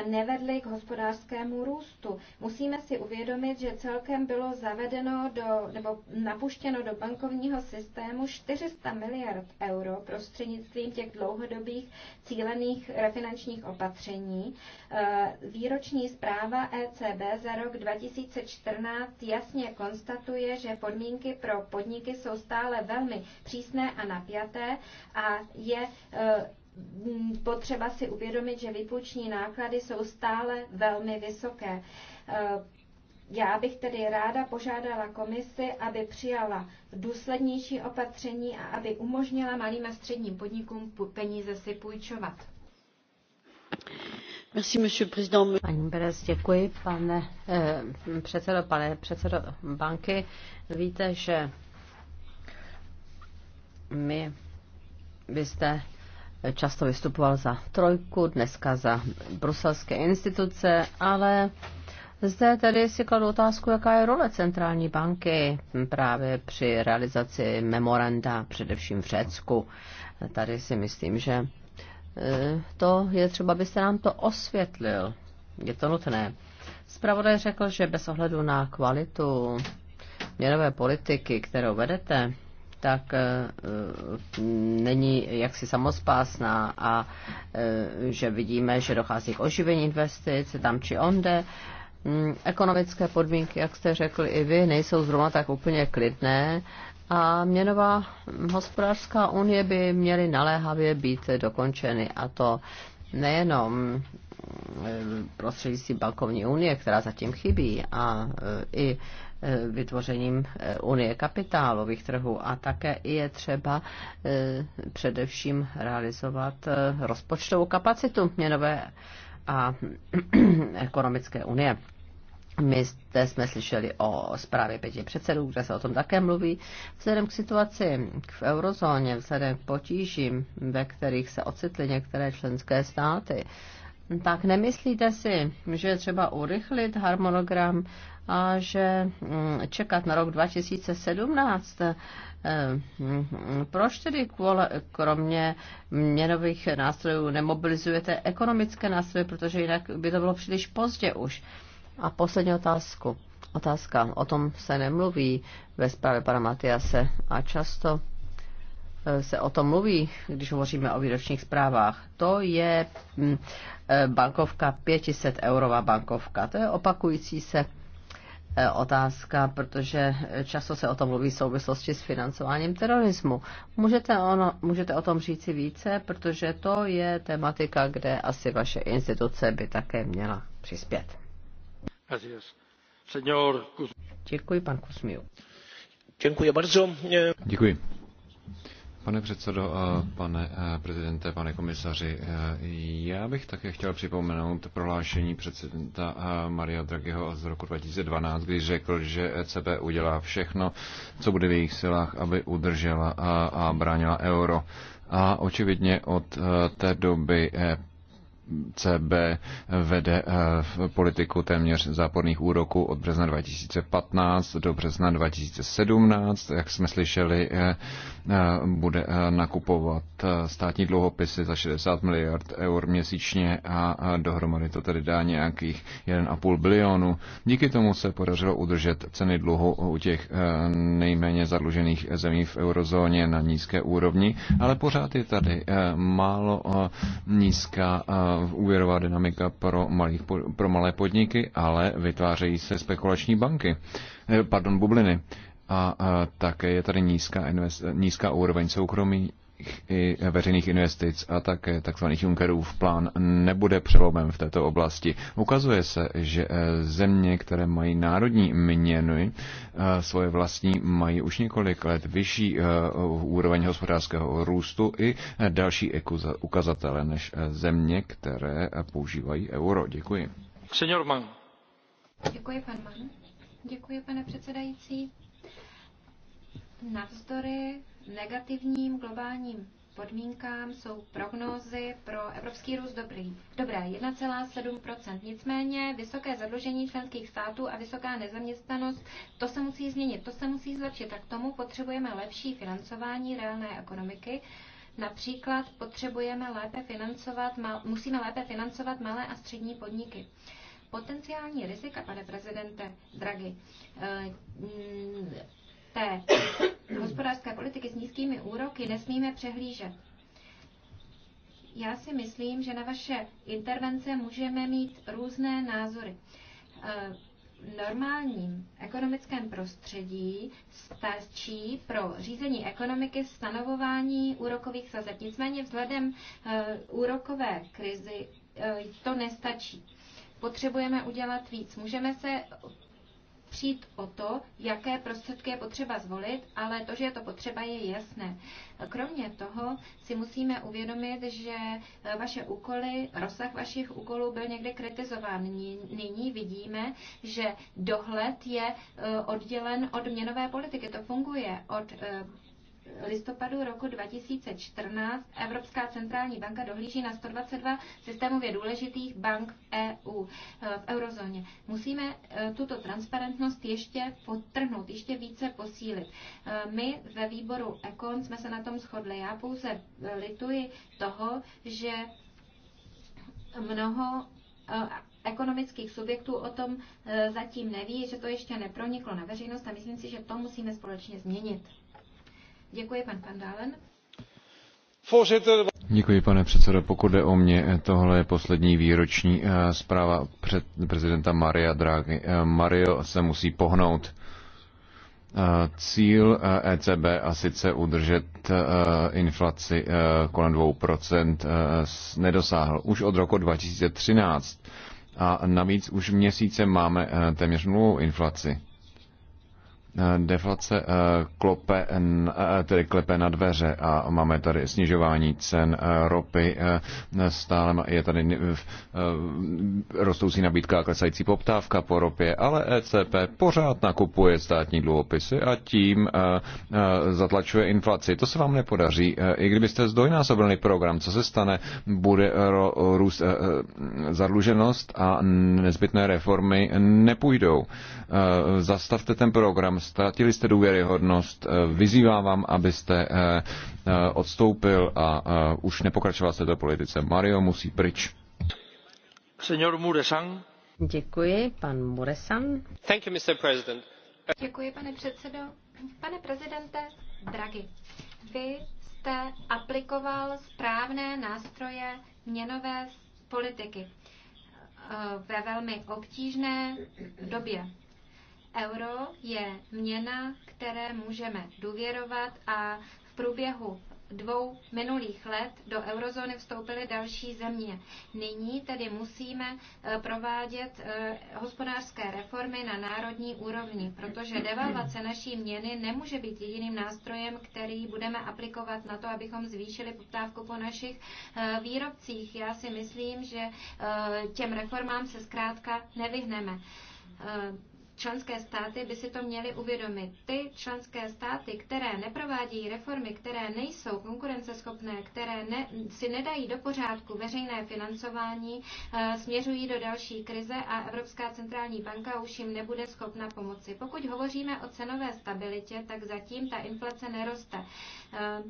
nevedly k hospodářskému růstu. Musíme si uvědomit, že celkem bylo zavedeno do, nebo napuštěno do bankovního systému 400 miliard euro prostřednictvím těch dlouhodobých dalších cílených refinančních eh, opatření. Eh, výroční zpráva ECB za rok 2014 jasně konstatuje, že podmínky pro podniky jsou stále velmi přísné a napjaté a je eh, potřeba si uvědomit, že výpůjční náklady jsou stále velmi vysoké. Já bych tedy ráda požádala komisi, aby přijala důslednější opatření a aby umožnila malým a středním podnikům peníze si půjčovat. Paní Beres, děkuji, pane eh, předsedo, pane předsedo banky. Víte, že my, byste často vystupoval za trojku, dneska za bruselské instituce, ale zde tedy si kladu otázku, jaká je role centrální banky právě při realizaci memoranda, především v Řecku. Tady si myslím, že eh, to je třeba, byste nám to osvětlil. Je to nutné. Spravodaj řekl, že bez ohledu na kvalitu měnové politiky, kterou vedete, tak eh, není jaksi samozpásná a eh, že vidíme, že dochází k oživení investic tam či onde Mm, ekonomické podmínky, jak jste řekl i vy, nejsou zrovna tak úplně klidné a měnová hospodářská unie by měly naléhavě být dokončeny a to nejenom eh, prostřednictvím bankovní unie, která zatím chybí, a eh, i eh, vytvořením unie kapitálových trhů. A také je třeba především realizovat rozpočtovou kapacitu měnové a ekonomické unie. My zde jsme slyšeli o zprávě pěti předsedů, kde se o tom také mluví. Vzhledem k situaci v eurozóně, vzhledem k potížím, ve kterých se ocitly některé členské státy, tak nemyslíte si, že třeba urychlit harmonogram a že mm, čekat na rok 2017, eh, mm, proč tedy kromě měnových nástrojů nemobilizujete ekonomické nástroje, protože jinak by to bylo příliš pozdě už. A poslední otázku. Otázka. O tom se nemluví ve zprávě pana Matiase a často eh, se o tom mluví, když hovoříme o výročních zprávách. To je mm, eh, bankovka 500 eurová bankovka. To je opakující se Eh, otázka, protože často se o tom mluví v souvislosti s financováním terorismu. Můžete, ono, můžete o tom říci více, protože to je tematika, kde asi vaše instituce by také měla přispět. Děkuji, pan Kusmiu. Děkuji Děkuji. Pane předsedo, pane eh, prezidente, pane komisaři, eh, já bych také chtěl připomenout prohlášení prezidenta eh, Maria Draghiho z roku 2012, kdy řekl, že ECB udělá všechno, co bude v jejich silách, aby udržela a bránila euro. A očividně od té doby ECB vede eh, v politiku téměř záporných úroků od března 2015 do března 2017. Jak jsme slyšeli, eh, eh, bude nakupovat státní dluhopisy za 60 miliard eur měsíčně a dohromady to tedy dá nějakých 1,5 bilionu. Díky tomu se podařilo udržet ceny dluhu u těch nejméně zadlužených zemí v eurozóně na nízké úrovni, ale pořád je tady málo nízká úvěrová dynamika pro, malých, pro malé podniky, ale vytvářejí se spekulační banky, eh, pardon, bubliny. A, a také je tady nízká, invest, nízká úroveň soukromí i veřejných investic a také tzv. Junckerův plán nebude přelomem v této oblasti. Ukazuje se, že eh, země, které mají národní měny, eh, svoje vlastní, mají už několik let vyšší eh, úroveň hospodářského růstu i další ukazatele než země, které používají euro. Děkuji. Senior Mann. Děkuji, pan Mann. Děkuji, pane předsedající. Navzdory negativním globálním podmínkám jsou prognózy pro evropský růst dobrý, dobré 1,7 Nicméně vysoké zadlužení členských států a vysoká nezaměstnanost, to se musí změnit, to se musí zlepšit. Tak tomu potřebujeme lepší financování reálné ekonomiky. Například potřebujeme lépe financovat, musíme lépe financovat malé a střední podniky potenciální rizika, pane prezidente Draghi. Eh, té hospodářské politiky s nízkými úroky nesmíme přehlížet. Já si myslím, že na vaše intervence můžeme mít různé názory. E, v normálním ekonomickém prostředí stačí pro řízení ekonomiky stanovování úrokových sazeb. Nicméně vzhledem e, úrokové krizi e, to nestačí. Potřebujeme udělat víc. Můžeme se přijít o to, jaké prostředky je potřeba zvolit, ale to, že je to potřeba, je jasné. Kromě toho si musíme uvědomit, že eh, vaše úkoly, rozsah vašich úkolů byl někdy kritizován. Nyní vidíme, že dohled je eh, oddělen od měnové politiky. To funguje od eh, listopadu roku 2014 Evropská centrální banka dohlíží na 122 systémově důležitých bank v e EU, eh, v eurozóně. Musíme eh, tuto transparentnost ještě potrhnout, ještě více posílit. Eh, my ve výboru Econ jsme se na tom shodli. Já pouze lituji toho, že mnoho ekonomických subjektů o tom zatím neví, že to ještě neproniklo na veřejnost a myslím si, že to musíme společně změnit. Děkuji, pan pane předsedo. Pokud jde o mě, tohle je poslední výroční eh, zpráva před prezidenta Maria Draghi. Eh, Mario se musí pohnout. Eh, cíl ECB e a sice udržet inflaci kolem 2% nedosáhl už od roku 2013. A navíc už měsíce máme téměř nulovou inflaci. Eh, deflace eh, klope, eh, tedy klepe na dveře a máme tady snižování cen ropy, stále je tady rostoucí nabídka a klesající poptávka po ropě, ale ECP pořád nakupuje státní dluhopisy a tím zatlačuje inflaci. To se vám nepodaří. I kdybyste zdvojnásobili program, co se stane, bude růst zadluženost a nezbytné reformy nepůjdou. Zastavte ten program, ztratili jste důvěryhodnost, eh, vyzývám vám, abyste eh, eh, odstoupil a už nepokračoval se do politice. Mario musí pryč. Senor Muresan. Děkuji, pan Muresan. Thank you, Mr. President. Děkuji, pane předsedo. Pane prezidente dragi, vy jste aplikoval správné nástroje měnové politiky ve velmi obtížné době. Euro je měna, které můžeme důvěrovat a v průběhu dvou minulých let do eurozóny vstoupily další země. Nyní tedy musíme eh, provádět eh, hospodářské reformy na národní úrovni, protože devalvace naší měny nemůže být jediným nástrojem, který budeme aplikovat na to, abychom zvýšili poptávku po našich eh, výrobcích. Já si myslím, že těm reformám se zkrátka nevyhneme členské státy by si to měly uvědomit. Ty členské státy, které neprovádějí reformy, které nejsou konkurenceschopné, které ne, si nedají do pořádku veřejné financování, eh, směřují do další krize a Evropská centrální banka už jim nebude schopna pomoci. Pokud hovoříme o cenové stabilitě, tak zatím ta inflace neroste eh,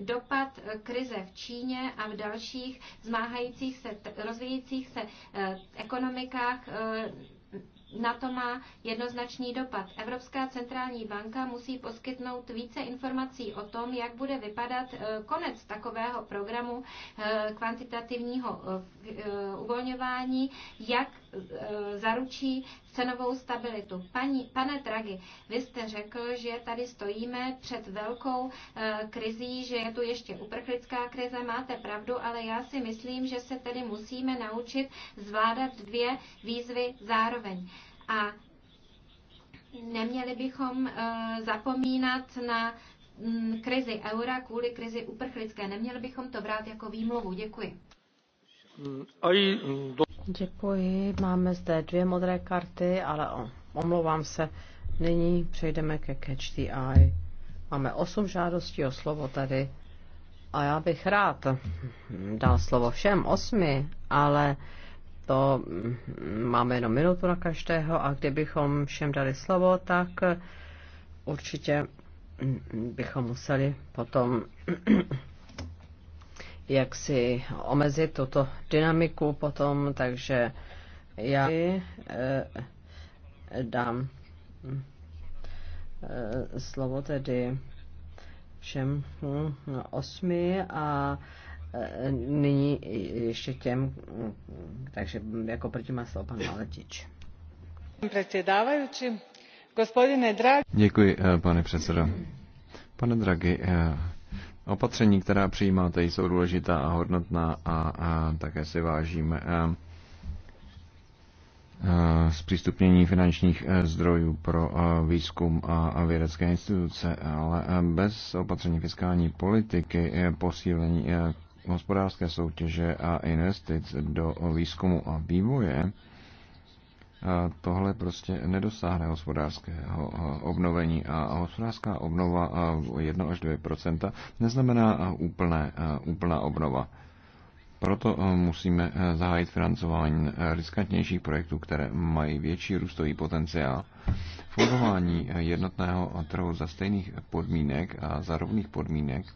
dopad eh, krize v Číně a v dalších zmáhajících se, rozvíjících se ekonomikách na to má jednoznačný dopad. Evropská centrální banka musí poskytnout více informací o tom, jak bude vypadat eh, konec takového programu eh, kvantitativního eh, uvolňování, jak Eh, zaručí cenovou stabilitu. Paní, pane Draghi, vy jste řekl, že tady stojíme před velkou eh, krizí, že je tu ještě uprchlická krize, máte pravdu, ale já si myslím, že se tedy musíme naučit zvládat dvě výzvy zároveň. A neměli bychom eh, zapomínat na mm, krizi eura kvůli krizi uprchlické. Neměli bychom to brát jako výmluvu. Děkuji. Mm, Děkuji. Máme zde dvě modré karty, ale omlouvám se. Nyní přejdeme ke Catch the Eye. Máme osm žádostí o slovo tady. A já bych rád dal slovo všem osmi, ale to mm, máme jenom minutu na každého a kdybychom všem dali slovo, tak určitě mm, bychom museli potom jak si omezit tuto dynamiku potom, takže já eh, dám eh, slovo tedy všem hm, osmi a eh, nyní ještě těm, takže jako první má slovo pan Maletič. Děkuji, pane předsedo. Pane Dragi, Opatření, která přijímáte, jsou důležitá a hodnotná a, a také si vážíme zpřístupnění finančních e, zdrojů pro výzkum a vědecké instituce, ale bez opatření fiskální politiky posílení e, hospodářské soutěže a investic do výzkumu a vývoje tohle prostě nedosáhne hospodářského obnovení a hospodářská obnova 1 až 2 neznamená úplné, úplná obnova. Proto musíme zahájit financování riskantnějších projektů, které mají větší růstový potenciál. Fungování jednotného trhu za stejných podmínek a za rovných podmínek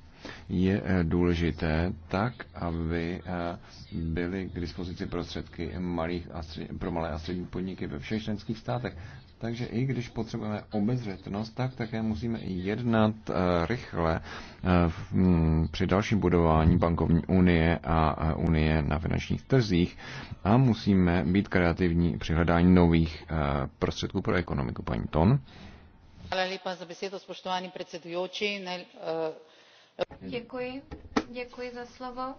je eh, důležité tak, aby eh, byly k dispozici prostředky malých a střed, pro malé a střední podniky ve všech členských státech. Takže i když potřebujeme obezřetnost, tak také musíme jednat eh, rychle hm, při dalším budování bankovní unie a unie na finančních trzích a musíme být kreativní při hledání nových prostředků pro ekonomiku. Paní Ton. Hvala lepa za besedo, spoštovani predsedujoči. Děkuji. Děkuji za slovo.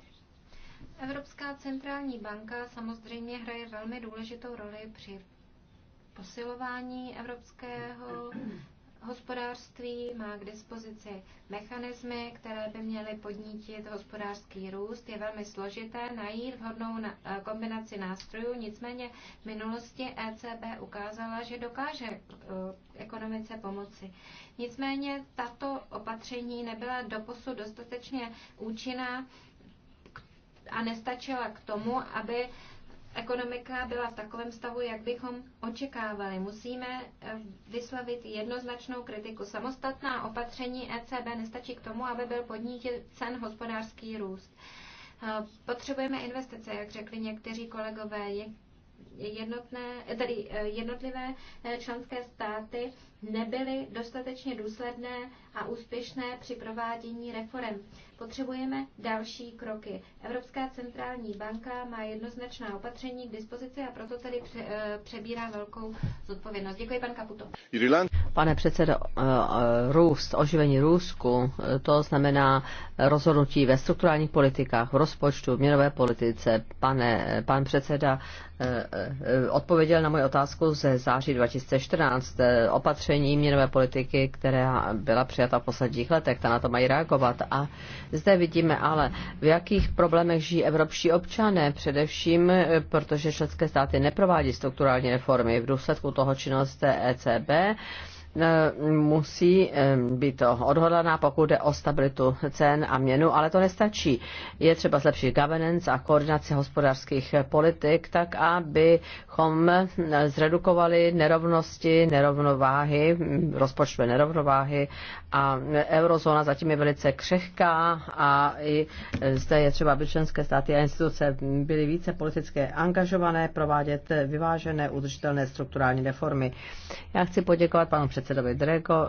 Evropská centrální banka samozřejmě hraje velmi důležitou roli při posilování evropského hospodářství má k dispozici mechanismy, které by měly podnítit hospodářský růst. Je velmi složité najít vhodnou eh, kombinaci nástrojů, nicméně v minulosti ECB ukázala, že dokáže eh, ekonomice pomoci. Nicméně tato opatření nebyla doposud dostatečně účinná a nestačila k tomu, aby ekonomika byla v takovém stavu, jak bychom očekávali. Musíme eh, vyslovit jednoznačnou kritiku. Samostatná opatření ECB nestačí k tomu, aby byl cen hospodářský růst. Eh, potřebujeme investice, jak řekli někteří kolegové. Jednotné, eh, tedy jednotlivé členské státy nebyly dostatečně důsledné a úspěšné při provádění reform. Potřebujeme další kroky. Evropská centrální banka má jednoznačná opatření k dispozici a proto tady eh, přebírá velkou zodpovědnost. Děkuji, pan Kaputo. Pane předsedo, eh, eh, růst, oživení růstku, to znamená rozhodnutí ve strukturálních politikách, v rozpočtu, v měnové politice. Pane, pan předseda odpověděl na moji otázku ze září 2014. Opatření měnové politiky, která byla přijata v posledních letech, ta na to mají reagovat. A zde vidíme ale, v jakých problémech žijí evropští občané, především protože členské státy neprovádí strukturální reformy. V důsledku toho činnost ECB E, musí e, být to odhodlaná, pokud jde o stabilitu cen a měnu, ale to nestačí. Je třeba zlepšit governance a koordinaci hospodářských politik, tak abychom zredukovali nerovnosti, nerovnováhy, rozpočtové nerovnováhy a eurozóna zatím je velice křehká a i zde je třeba, aby členské státy a instituce byly více politicky angažované, provádět vyvážené, udržitelné strukturální reformy. Já chci poděkovat panu předsedovi předsedovi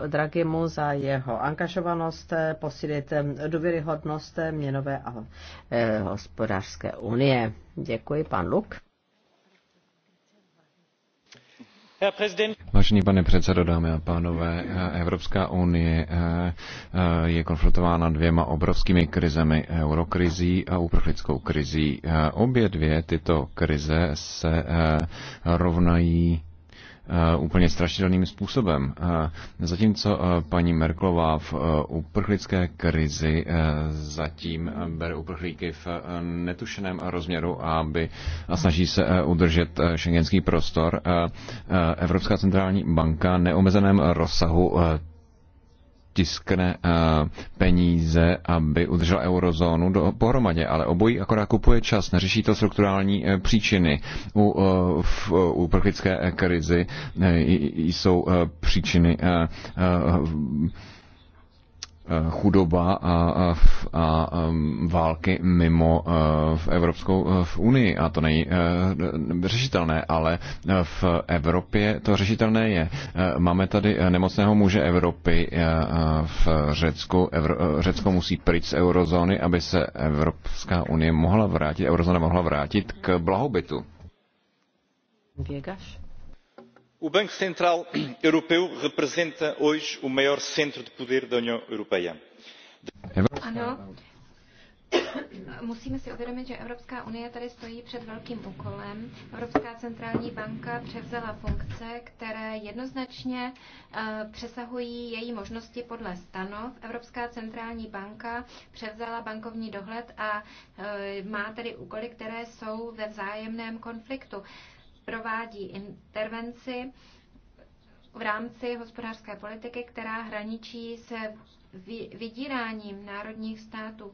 Dragimu za jeho angažovanost posílit důvěryhodnost měnové a eh, hospodářské unie. Děkuji, pan Luk. Vážený pane předsedo, dámy a pánové, Evropská unie eh, eh, je konfrontována dvěma obrovskými krizemi, eurokrizí a uprchlickou krizí. Obě dvě tyto krize se rovnají Eh, úplně strašidelným způsobem. Eh, zatímco eh, paní Merklová v uprchlické krizi zatím bere uprchlíky v netušeném rozměru aby, a snaží se udržet šengenský prostor, Evropská centrální banka neomezeném rozsahu tiskne eh, peníze, aby udržel eurozónu do, pohromadě, ale obojí akorát kupuje čas, neřeší to strukturální eh, příčiny. U, eh, v uprchlické krizi jsou příčiny Eh, chudoba a, a, a války mimo eh, v Evropskou eh, v unii a to není řešitelné, ale v Evropě to řešitelné je. Máme tady nemocného muže Evropy v Řecku. Evro, Řecko musí pryč z eurozóny, aby se Evropská unie mohla vrátit, eurozóna mohla vrátit k blahobytu. Věgaš? o banco central europeu representa hoje o maior centro de poder da União Europeia. Ano. Musíme si uvědomit, že Evropská unie tady stojí před velkým úkolem. Evropská centrální banka převzala funkce, které jednoznačně eh, přesahují její možnosti podle stanov. Evropská centrální banka převzala bankovní dohled a eh, má tedy úkoly, které jsou ve vzájemném konfliktu provádí intervenci v rámci hospodářské politiky, která hraničí se vydíráním národních států.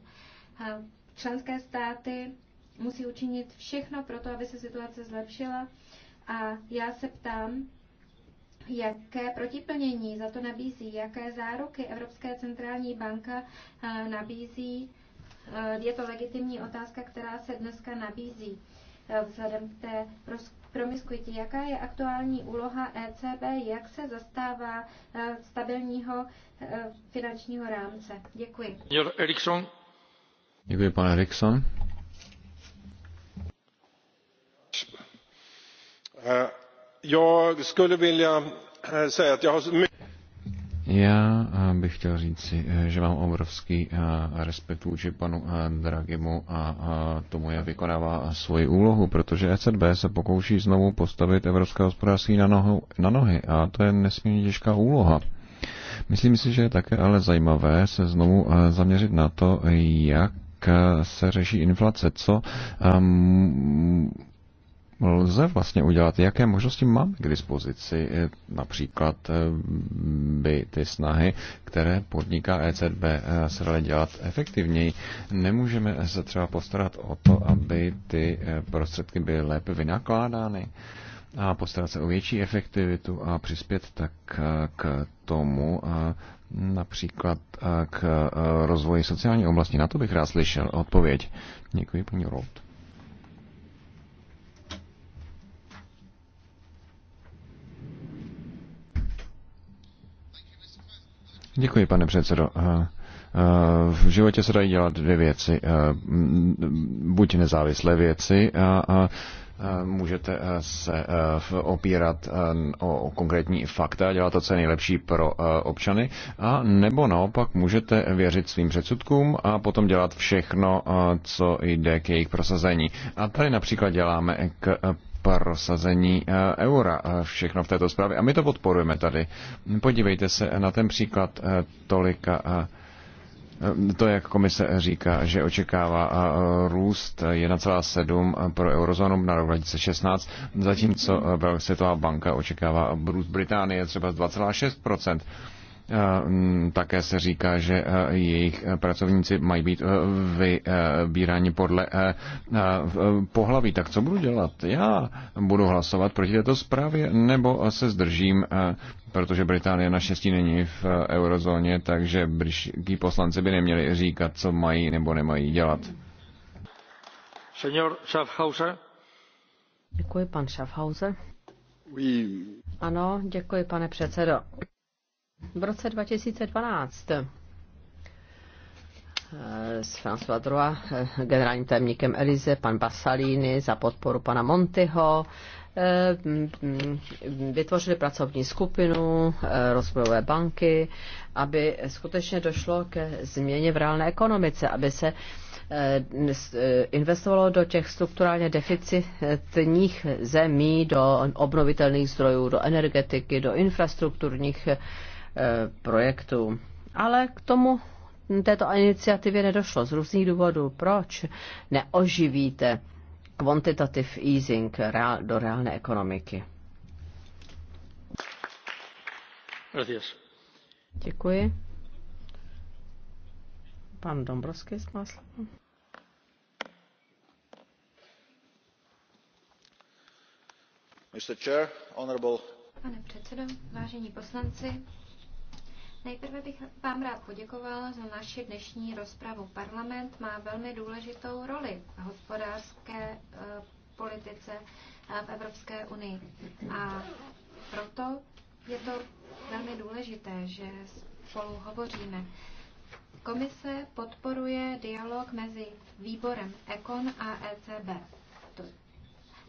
Členské státy musí učinit všechno pro to, aby se situace zlepšila. A já se ptám, jaké protiplnění za to nabízí, jaké záruky Evropské centrální banka nabízí. Je to legitimní otázka, která se dneska nabízí vzhledem k té rozk- promiskuitě. Jaká je aktuální úloha ECB, jak se zastává eh, stabilního eh, finančního rámce? Děkuji. Erikson. Děkuji, pane Erikson. Eh, Já skulle vilja säga att jag já eh, bych chtěl říci, eh, že mám obrovský eh, respekt vůči panu Dragimu a tomu, jak vykonává svoji úlohu, protože ECB se pokouší znovu postavit evropské hospodářství na, nohu, na nohy a to je nesmírně těžká úloha. Myslím si, že je také ale zajímavé se znovu zaměřit na to, jak se řeší inflace, co lze vlastně udělat, jaké možnosti máme k dispozici, e, například e, by ty snahy, které podniká ECB, e, se daly dělat efektivněji. Nemůžeme se třeba postarat o to, aby ty prostředky byly lépe vynakládány a postarat se o větší efektivitu a přispět tak k tomu, například k rozvoji sociální oblasti. Na to bych rád slyšel odpověď. Děkuji, paní Roth. Děkuji, pane předsedo. Eh, eh, v životě se dají dělat dvě věci. Eh, buď nezávislé věci a, můžete se opírat o konkrétní fakta, dělat to, co je nejlepší pro občany, a nebo naopak můžete věřit svým předsudkům a potom dělat všechno, co jde k jejich prosazení. A tady například děláme k prosazení eh, eura. Eh, všechno v této zprávě. A my to podporujeme tady. Podívejte se na ten příklad eh, tolika to, jak komise říká, že očekává růst 1,7 pro eurozónu na rok 2016, zatímco Světová banka očekává růst Británie třeba z 2,6 Eh, také se říká, že eh, jejich eh, pracovníci mají být vybíráni podle pohlaví. Tak co budu dělat? Já budu hlasovat proti této zprávě nebo se zdržím, protože Británie naštěstí není v eurozóně, takže britští poslanci by neměli říkat, co mají nebo nemají dělat. Senior Schaffhauser. Děkuji, pan Schaffhauser. Ano, děkuji, pane předsedo. V roce 2012 eh, s François Droa, eh, generálním tajemníkem Elize, pan Basalini za podporu pana Montyho, eh, mm, mm, vytvořili pracovní skupinu rozvojové banky, aby skutečně došlo ke změně v reálné ekonomice, aby se investovalo do těch strukturálně deficitních zemí, do obnovitelných zdrojů, do energetiky, do infrastrukturních Eh, projektu, Ale k tomu této iniciativě nedošlo z různých důvodů. Proč neoživíte quantitative easing do reálné ekonomiky? Gracias. Děkuji. Pan Dombrovský Chair, slovo. Pane předsedo, vážení poslanci, Nejprve bych vám rád poděkoval za naši dnešní rozpravu. Parlament má velmi důležitou roli v hospodářské eh, politice eh, v Evropské unii. A proto je to velmi důležité, že spolu hovoříme. Komise podporuje dialog mezi výborem ECON a ECB.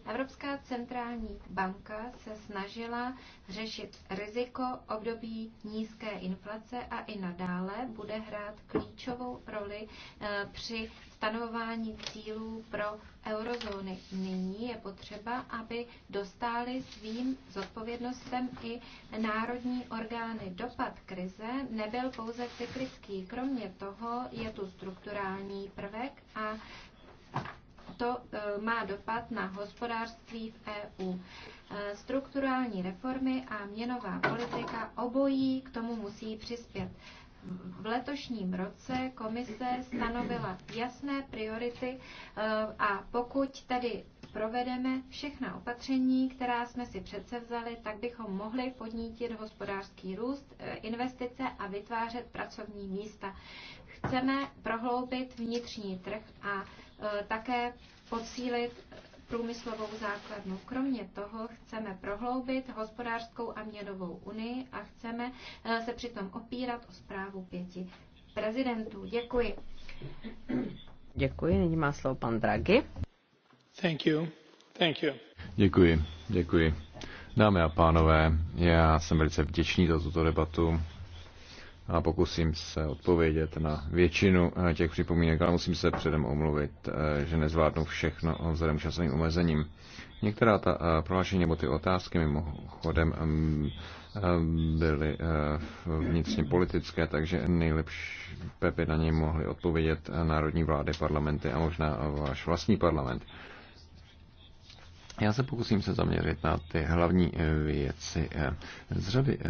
Evropská centrální banka se snažila řešit riziko období nízké inflace a i nadále bude hrát klíčovou roli eh, při stanovování cílů pro eurozóny. Nyní je potřeba, aby dostály svým zodpovědnostem i národní orgány. Dopad krize nebyl pouze cyklický, kromě toho je tu strukturální prvek a to e, má dopad na hospodářství v EU. E, strukturální reformy a měnová politika obojí k tomu musí přispět. V letošním roce komise stanovila jasné priority e, a pokud tedy provedeme všechna opatření, která jsme si vzali, tak bychom mohli podnítit hospodářský růst, investice a vytvářet pracovní místa. Chceme prohloubit vnitřní trh a Eh, také posílit průmyslovou základnu. Kromě toho chceme prohloubit hospodářskou a měnovou unii a chceme eh, se přitom opírat o zprávu pěti prezidentů. Děkuji. Děkuji. Nyní má slovo pan Draghi. Thank you. Thank you. Děkuji. Děkuji. Dámy a pánové, já jsem velice vděčný za tuto debatu a pokusím se odpovědět na většinu eh, těch připomínek, ale musím se předem omluvit, eh, že nezvládnu všechno vzhledem časovým omezením. Některá ta eh, prohlášení nebo ty otázky mimochodem mm, byly vnitřně politické, takže nejlepší by na ně mohly odpovědět národní vlády, parlamenty a možná váš vlastní parlament. Já se pokusím se zaměřit na ty hlavní eh, věci, eh, z řady, eh,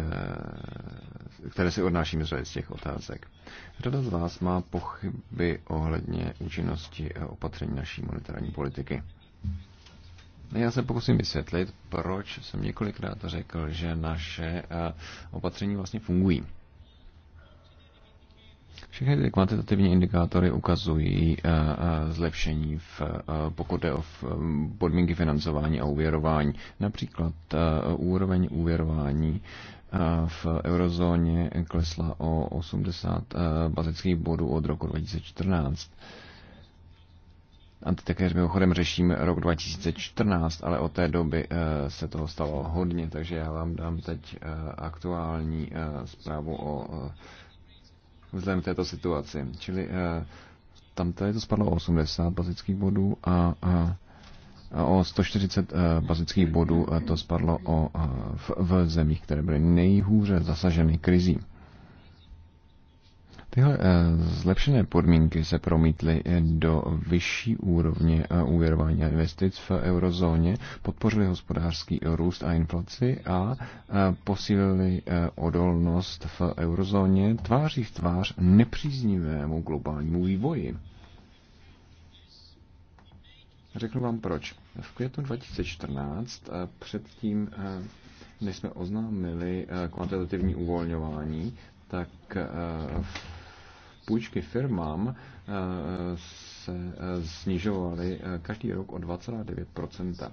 které si odnáším z řady z těch otázek. Řada z vás má pochyby ohledně účinnosti opatření naší monetární politiky. Já se pokusím vysvětlit, proč jsem několikrát řekl, že naše opatření vlastně fungují. Všechny ty kvantitativní indikátory ukazují eh, eh, zlepšení, v, eh, pokud jde o podmínky financování a uvěrování. Například úroveň uvěrování v eurozóně klesla o 80 bazických bodů od roku 2014. A teď také mimochodem řešíme rok 2014, ale od té doby se toho stalo hodně, takže já vám dám teď aktuální zprávu o vzhledem k této situaci. Čili eh, tam tady to spadlo o 80 bazických bodů a, a, a o 140 eh, bazických bodů eh, to spadlo o, v, v zemích, které byly nejhůře zasaženy krizí. Tyhle eh, zlepšené podmínky se promítly do vyšší úrovně eh, úvěrování a investic v eurozóně, podpořily hospodářský růst a inflaci a eh, posílily odolnost v eurozóně tváří v tvář nepříznivému globálnímu vývoji. Řeknu vám proč. V květnu 2014 předtím než jsme oznámili kvantitativní uvolňování, tak v půjčky firmám eh, se eh, snižovaly eh, každý rok o 2,9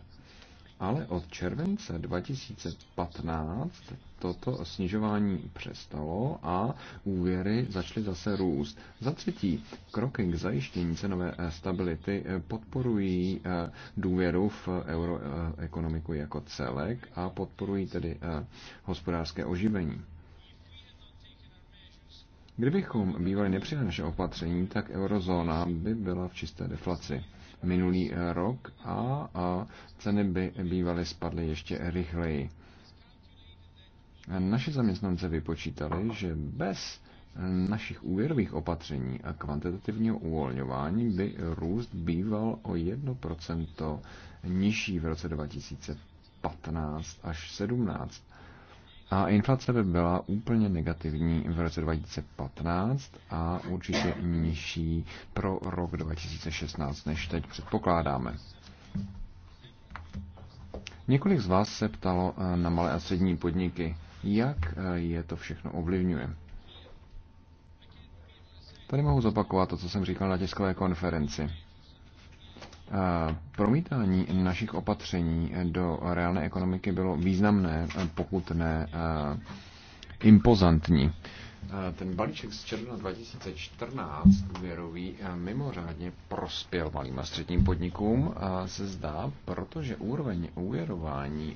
ale od července 2015 toto snižování přestalo a úvěry začaly zase růst. Za třetí, kroky k zajištění cenové stability podporují důvěru v euroekonomiku jako celek a podporují tedy hospodářské oživení. Kdybychom bývali nepřijali naše opatření, tak eurozóna by byla v čisté deflaci minulý eh, rok a, a ceny by bývaly spadly ještě rychleji. Naši zaměstnance vypočítali, že bez eh, našich úvěrových opatření a kvantitativního uvolňování by růst býval o 1% nižší v roce 2015 až 17 a inflace by byla úplně negativní v roce 2015 a určitě nižší pro rok 2016, než teď předpokládáme. Několik z vás se ptalo eh, na malé a střední podniky, jak eh, je to všechno ovlivňuje. Tady mohu zopakovat to, co jsem říkal na tiskové konferenci. Promítání našich opatření do reálné ekonomiky bylo významné, pokud ne impozantní. Ten balíček z června 2014 úvěrový mimořádně prospěl malým a středním podnikům, se zdá, protože úroveň úvěrování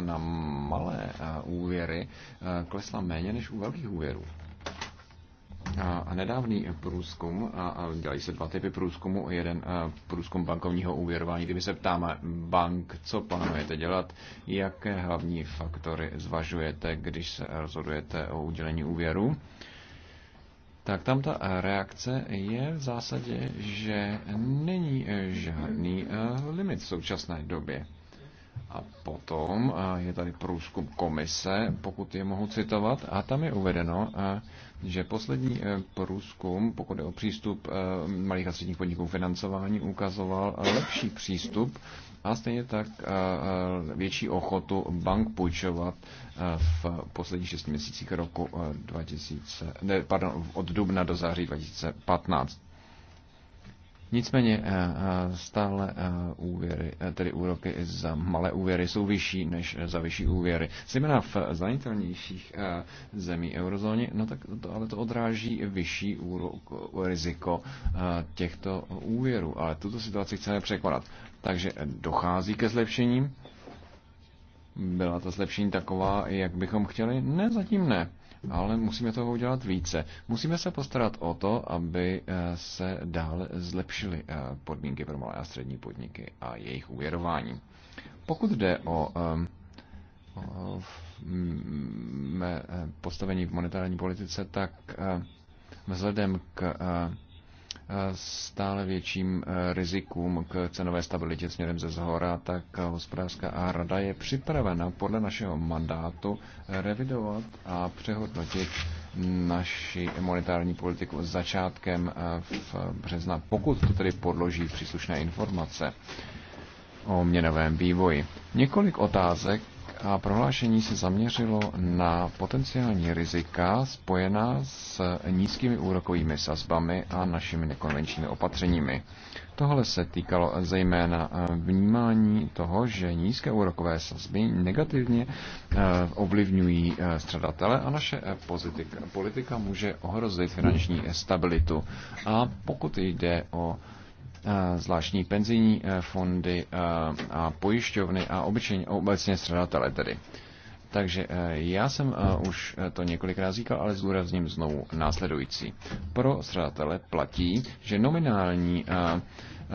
na malé úvěry klesla méně než u velkých úvěrů. A nedávný průzkum, a dělají se dva typy průzkumu, jeden průzkum bankovního úvěrování, kdyby se ptáme bank, co plánujete dělat, jaké hlavní faktory zvažujete, když se rozhodujete o udělení úvěru, tak tam ta reakce je v zásadě, že není žádný limit v současné době. A potom je tady průzkum komise, pokud je mohu citovat, a tam je uvedeno, že poslední eh, průzkum, pokud je o přístup eh, malých a středních podniků financování, ukazoval eh, lepší přístup a stejně tak větší ochotu bank půjčovat v posledních 6 měsících roku 2000, ne, pardon, od dubna do září 2015. Nicméně eh, eh, stále eh, úvěry, tedy úroky za malé úvěry jsou vyšší než za vyšší úvěry. Zejména v zranitelnějších zemí eurozóny, no tak to, ale to odráží vyšší úrok, riziko těchto úvěrů. Ale tuto situaci chceme překonat. Takže dochází ke zlepšením. Byla to zlepšení taková, jak bychom chtěli? Ne, zatím ne ale musíme toho udělat více. Musíme se postarat o to, aby eh, se dále zlepšily eh, podmínky pro malé a střední podniky a jejich uvěrování. Pokud jde o mé ehm, postavení v monetární politice, tak eh, vzhledem k stále větším eh, rizikům k cenové stabilitě směrem ze zhora, tak hospodářská rada je připravena podle našeho mandátu eh, revidovat a přehodnotit naši monetární politiku začátkem eh, v března, pokud to tedy podloží příslušné informace o měnovém vývoji. Několik otázek a prohlášení se zaměřilo na potenciální rizika spojená s nízkými úrokovými sazbami a našimi nekonvenčními opatřeními. Tohle se týkalo zejména vnímání toho, že nízké úrokové sazby negativně eh, ovlivňují eh, střadatele a naše eh, politika může ohrozit finanční stabilitu. A pokud jde o Eh, zvláštní penzijní eh, fondy eh, a pojišťovny a obyčejně, obecně střadatele tedy. Takže já jsem už to několikrát říkal, ale zdůrazním znovu následující. Pro střadatele platí, že nominální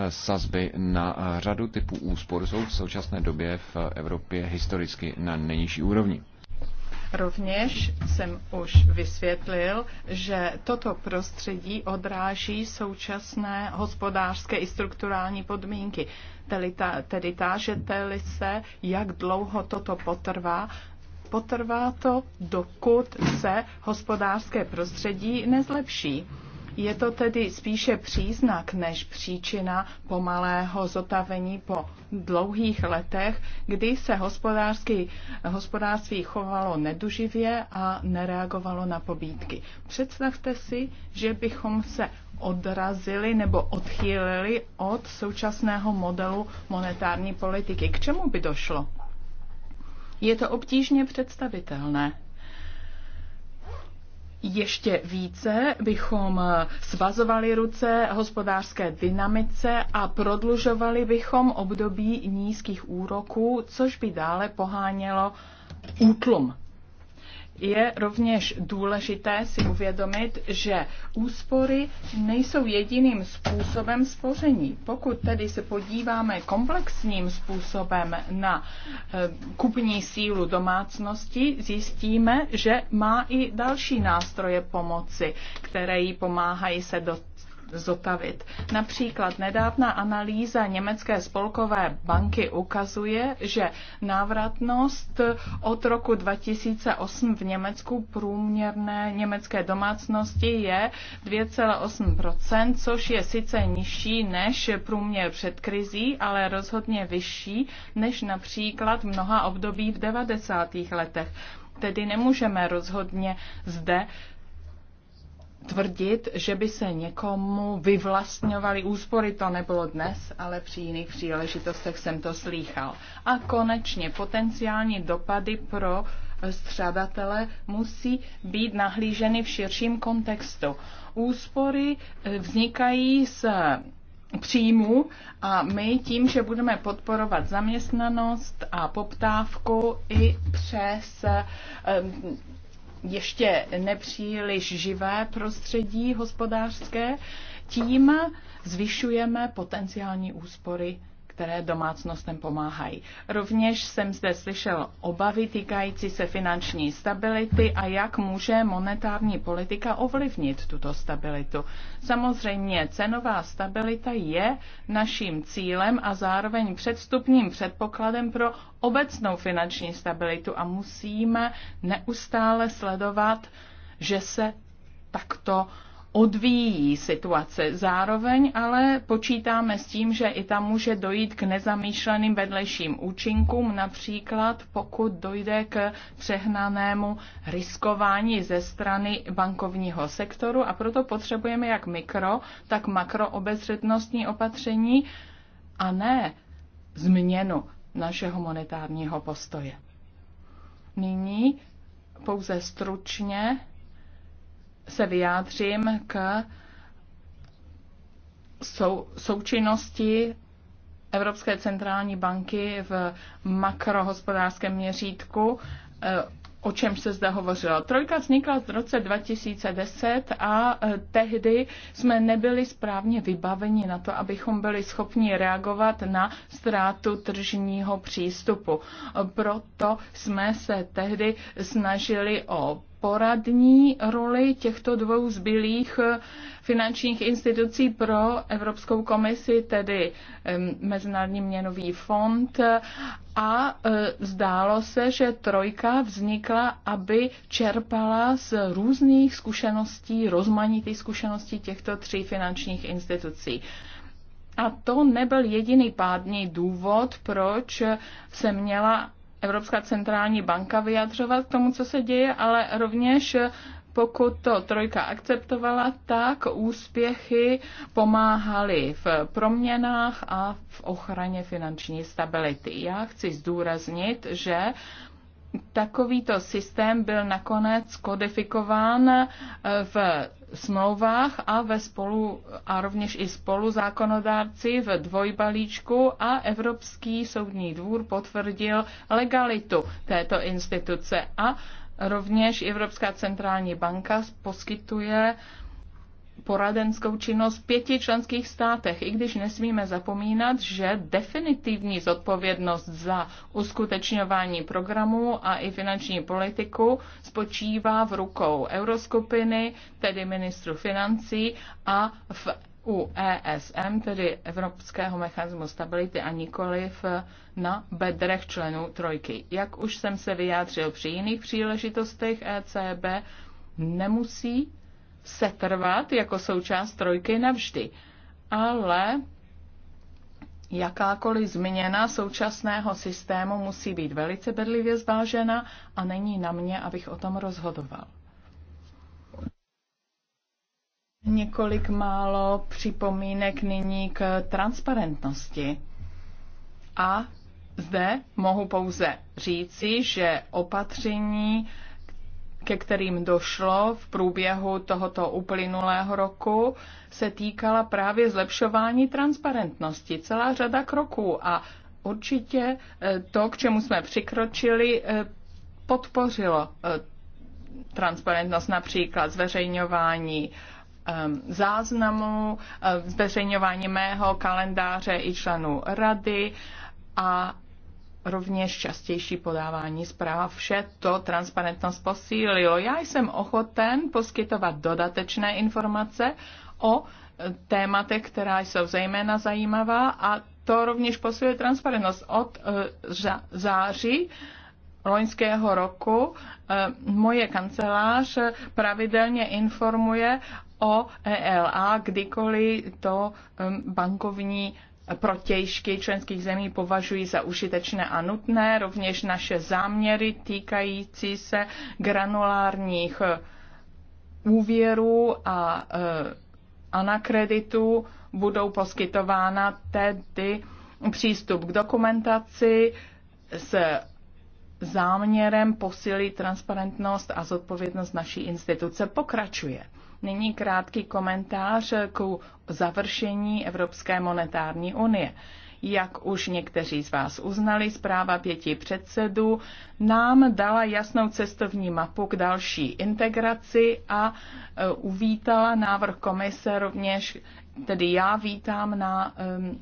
sazby na řadu typů úspor jsou v současné době v Evropě historicky na nejnižší úrovni. Rovněž jsem už vysvětlil, že toto prostředí odráží současné hospodářské i strukturální podmínky, tedy, ta, tedy tážete-li se, jak dlouho toto potrvá, potrvá to, dokud se hospodářské prostředí nezlepší je to tedy spíše příznak než příčina pomalého zotavení po dlouhých letech, kdy se hospodářský, hospodářství chovalo neduživě a nereagovalo na pobídky. Představte si, že bychom se odrazili nebo odchýlili od současného modelu monetární politiky. K čemu by došlo? Je to obtížně představitelné ještě více bychom eh, svazovali ruce hospodářské dynamice a prodlužovali bychom období nízkých úroků, což by dále pohánělo útlum je rovněž důležité si uvědomit, že úspory nejsou jediným způsobem spoření. Pokud tedy se podíváme komplexním způsobem na eh, kupní sílu domácnosti, zjistíme, že má i další nástroje pomoci, které jí pomáhají se do zotavit. Například nedávná analýza Německé spolkové banky ukazuje, že návratnost od roku 2008 v Německu průměrné německé domácnosti je 2,8%, což je sice nižší než průměr před krizí, ale rozhodně vyšší než například mnoha období v 90. letech. Tedy nemůžeme rozhodně zde tvrdit, že by se někomu vyvlastňovaly úspory, to nebylo dnes, ale při jiných příležitostech jsem to slýchal. A konečně potenciální dopady pro střadatele musí být nahlíženy v širším kontextu. Úspory eh, vznikají z příjmu a my tím, že budeme podporovat zaměstnanost a poptávku i přes eh, ještě nepříliš živé prostředí hospodářské, tím zvyšujeme potenciální úspory které domácnostem pomáhají. Rovněž jsem zde slyšel obavy týkající se finanční stability a jak může monetární politika ovlivnit tuto stabilitu. Samozřejmě cenová stabilita je naším cílem a zároveň předstupním předpokladem pro obecnou finanční stabilitu a musíme neustále sledovat, že se takto odvíjí situace. Zároveň ale počítáme s tím, že i tam může dojít k nezamýšleným vedlejším účinkům, například pokud dojde k přehnanému riskování ze strany bankovního sektoru a proto potřebujeme jak mikro, tak makroobezřetnostní opatření a ne změnu našeho monetárního postoje. Nyní pouze stručně se vyjádřím k sou, součinnosti Evropské centrální banky v makrohospodářském měřítku, eh, o čem se zde hovořilo. Trojka vznikla v roce 2010 a eh, tehdy jsme nebyli správně vybaveni na to, abychom byli schopni reagovat na ztrátu tržního přístupu. Proto jsme se tehdy snažili o poradní roli těchto dvou zbylých eh, finančních institucí pro Evropskou komisi, tedy Mezinárodní měnový fond. A eh, zdálo se, že trojka vznikla, aby čerpala z různých zkušeností, rozmanitých zkušeností těchto tří finančních institucí. A to nebyl jediný pádný důvod, proč se měla Evropská centrální banka vyjadřovat k tomu, co se děje, ale rovněž pokud to trojka akceptovala, tak úspěchy pomáhaly v proměnách a v ochraně finanční stability. Já chci zdůraznit, že takovýto systém byl nakonec kodifikován v smlouvách a ve spolu a rovněž i spolu zákonodárci v dvojbalíčku a Evropský soudní dvůr potvrdil legalitu této instituce a rovněž Evropská centrální banka poskytuje poradenskou činnost v pěti členských státech, i když nesmíme zapomínat, že definitivní zodpovědnost za uskutečňování programů a i finanční politiku spočívá v rukou euroskupiny, tedy ministru financí a v u ESM, tedy Evropského mechanismu stability a nikoliv na bedrech členů trojky. Jak už jsem se vyjádřil při jiných příležitostech, ECB nemusí setrvat jako součást trojky navždy. Ale jakákoliv změna současného systému musí být velice bedlivě zvážena a není na mě, abych o tom rozhodoval. Několik málo připomínek nyní k transparentnosti. A zde mohu pouze říci, že opatření ke kterým došlo v průběhu tohoto uplynulého roku, se týkala právě zlepšování transparentnosti. Celá řada kroků a určitě e, to, k čemu jsme přikročili, e, podpořilo e, transparentnost, například zveřejňování záznamu, zveřejňování mého kalendáře i členů rady a rovněž častější podávání zpráv. Vše to transparentnost posílilo. Já jsem ochoten poskytovat dodatečné informace o tématech, která jsou zejména zajímavá a to rovněž posiluje transparentnost. Od eh, září loňského roku eh, moje kancelář pravidelně informuje o ELA, kdykoliv to eh, bankovní protějšky členských zemí považují za užitečné a nutné, rovněž naše záměry týkající se granulárních eh, úvěrů a eh, a na kreditu budou poskytována tedy přístup k dokumentaci s záměrem posílit transparentnost a zodpovědnost naší instituce pokračuje. Nyní krátký komentář k završení Evropské monetární unie. Jak už někteří z vás uznali, zpráva pěti předsedů nám dala jasnou cestovní mapu k další integraci a e, uvítala návrh komise rovněž, tedy já vítám na um,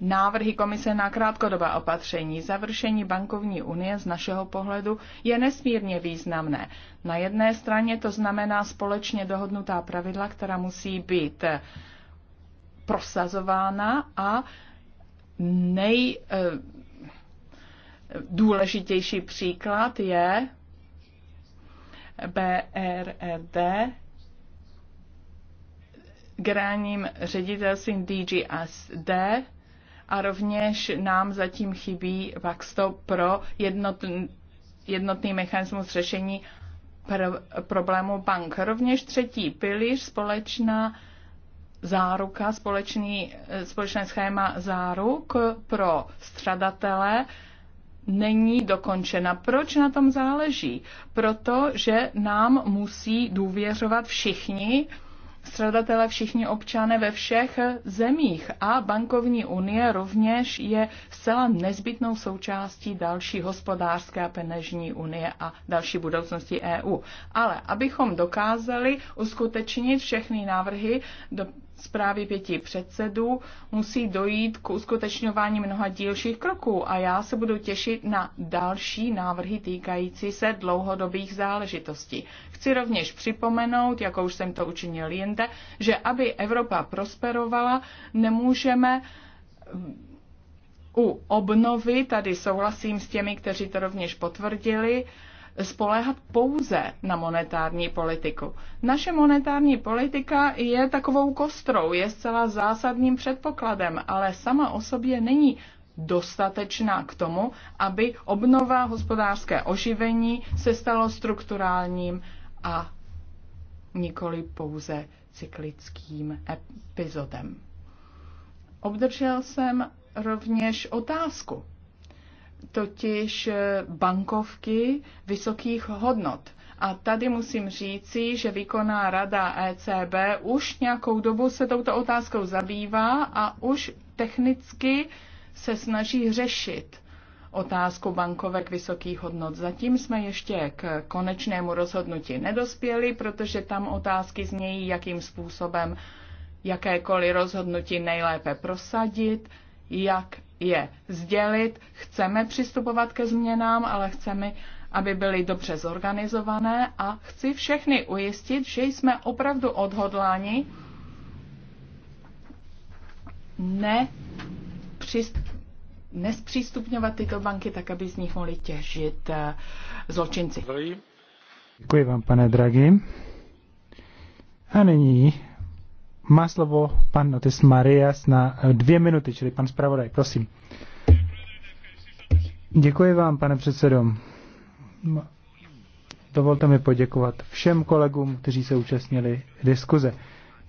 návrhy komise na krátkodobé opatření. Završení bankovní unie z našeho pohledu je nesmírně významné. Na jedné straně to znamená společně dohodnutá pravidla, která musí být eh, prosazována a nejdůležitější eh, e, příklad je BRRD, e generálním ředitelstvím DGSD, a rovněž nám zatím chybí backstop pro jednotný, jednotný mechanismus řešení pr- problému bank. Rovněž třetí pilíř, společná záruka, společný, eh, společné schéma záruk pro střadatele není dokončena. Proč na tom záleží? Protože nám musí důvěřovat všichni, střadatele všichni občané ve všech zemích a bankovní unie rovněž je zcela nezbytnou součástí další hospodářské a peněžní unie a další budoucnosti EU. Ale abychom dokázali uskutečnit všechny návrhy do zprávy pěti předsedů musí dojít k uskutečňování mnoha dílších kroků a já se budu těšit na další návrhy týkající se dlouhodobých záležitostí. Chci rovněž připomenout, jako už jsem to učinil jinde, že aby Evropa prosperovala, nemůžeme mm, u obnovy, tady souhlasím s těmi, kteří to rovněž potvrdili, spoléhat pouze na monetární politiku. Naše monetární politika je takovou kostrou, je zcela zásadním předpokladem, ale sama o sobě není dostatečná k tomu, aby obnova hospodářské oživení se stalo strukturálním a nikoli pouze cyklickým epizodem. Obdržel jsem rovněž otázku totiž eh, bankovky vysokých hodnot. A tady musím říci, že výkonná rada ECB už nějakou dobu se touto otázkou zabývá a už technicky se snaží řešit otázku bankovek vysokých hodnot. Zatím jsme ještě k konečnému rozhodnutí nedospěli, protože tam otázky znějí, jakým způsobem jakékoliv rozhodnutí nejlépe prosadit, jak je sdělit, chceme přistupovat ke změnám, ale chceme, aby byly dobře zorganizované a chci všechny ujistit, že jsme opravdu odhodláni ne nespřístupňovat tyto banky tak, aby z nich mohli těžit eh, zločinci. Děkuji vám, pane Draghi. A nyní má slovo pan Otis Marias na eh, dvě minuty, čili pan zpravodaj, prosím. Děkuji vám, pane předsedo. Dovolte mi poděkovat všem kolegům, kteří se účastnili diskuze.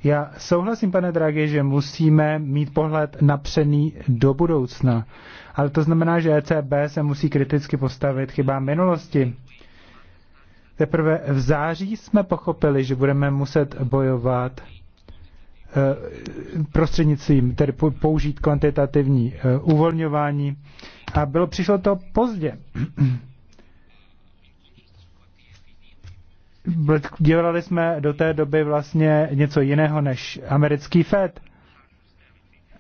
Já souhlasím, pane Dragi, že musíme mít pohled napřený do budoucna. Ale to znamená, že ECB se musí kriticky postavit chybám minulosti. Teprve v září jsme pochopili, že budeme muset bojovat Eh, prostřednictvím, tedy použít kvantitativní eh, uvolňování. A bylo, přišlo to pozdě. Dělali jsme do té doby vlastně něco jiného než americký FED.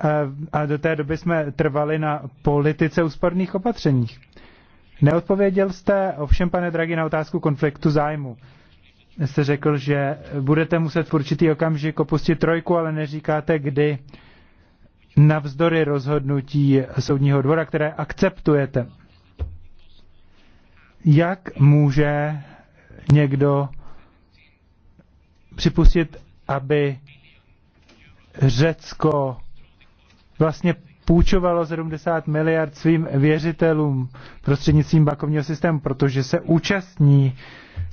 Eh, a do té doby jsme trvali na politice úsporných opatřeních. Neodpověděl jste ovšem, pane Dragi na otázku konfliktu zájmu jste řekl, že budete muset v určitý okamžik opustit trojku, ale neříkáte kdy navzdory rozhodnutí soudního dvora, které akceptujete. Jak může někdo připustit, aby Řecko vlastně půjčovalo 70 miliard svým věřitelům prostřednictvím bankovního systému, protože se účastní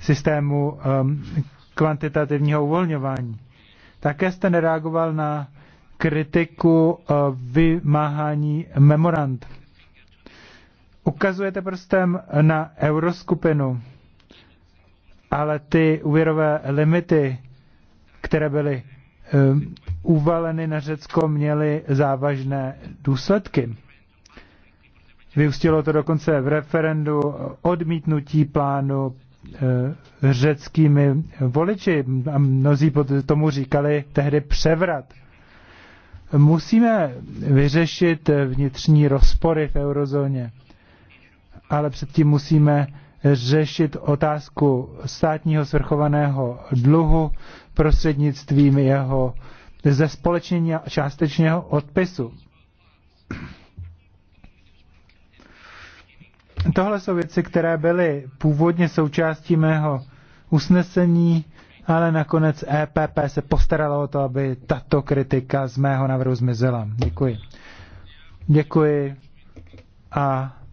systému um, kvantitativního uvolňování. Také jste nereagoval na kritiku uh, vymáhání memorand. Ukazujete prstem na euroskupinu, ale ty úvěrové limity, které byly Ehm, uvaleny na Řecko měly závažné důsledky. Vyústilo to dokonce v referendu odmítnutí plánu ehm, řeckými voliči a mnozí tomu říkali tehdy převrat. Musíme vyřešit vnitřní rozpory v eurozóně, ale předtím musíme řešit otázku státního svrchovaného dluhu, prostřednictvím jeho zespolečnění a částečného odpisu. Tohle jsou věci, které byly původně součástí mého usnesení, ale nakonec EPP se postaralo o to, aby tato kritika z mého návrhu zmizela. Děkuji. Děkuji a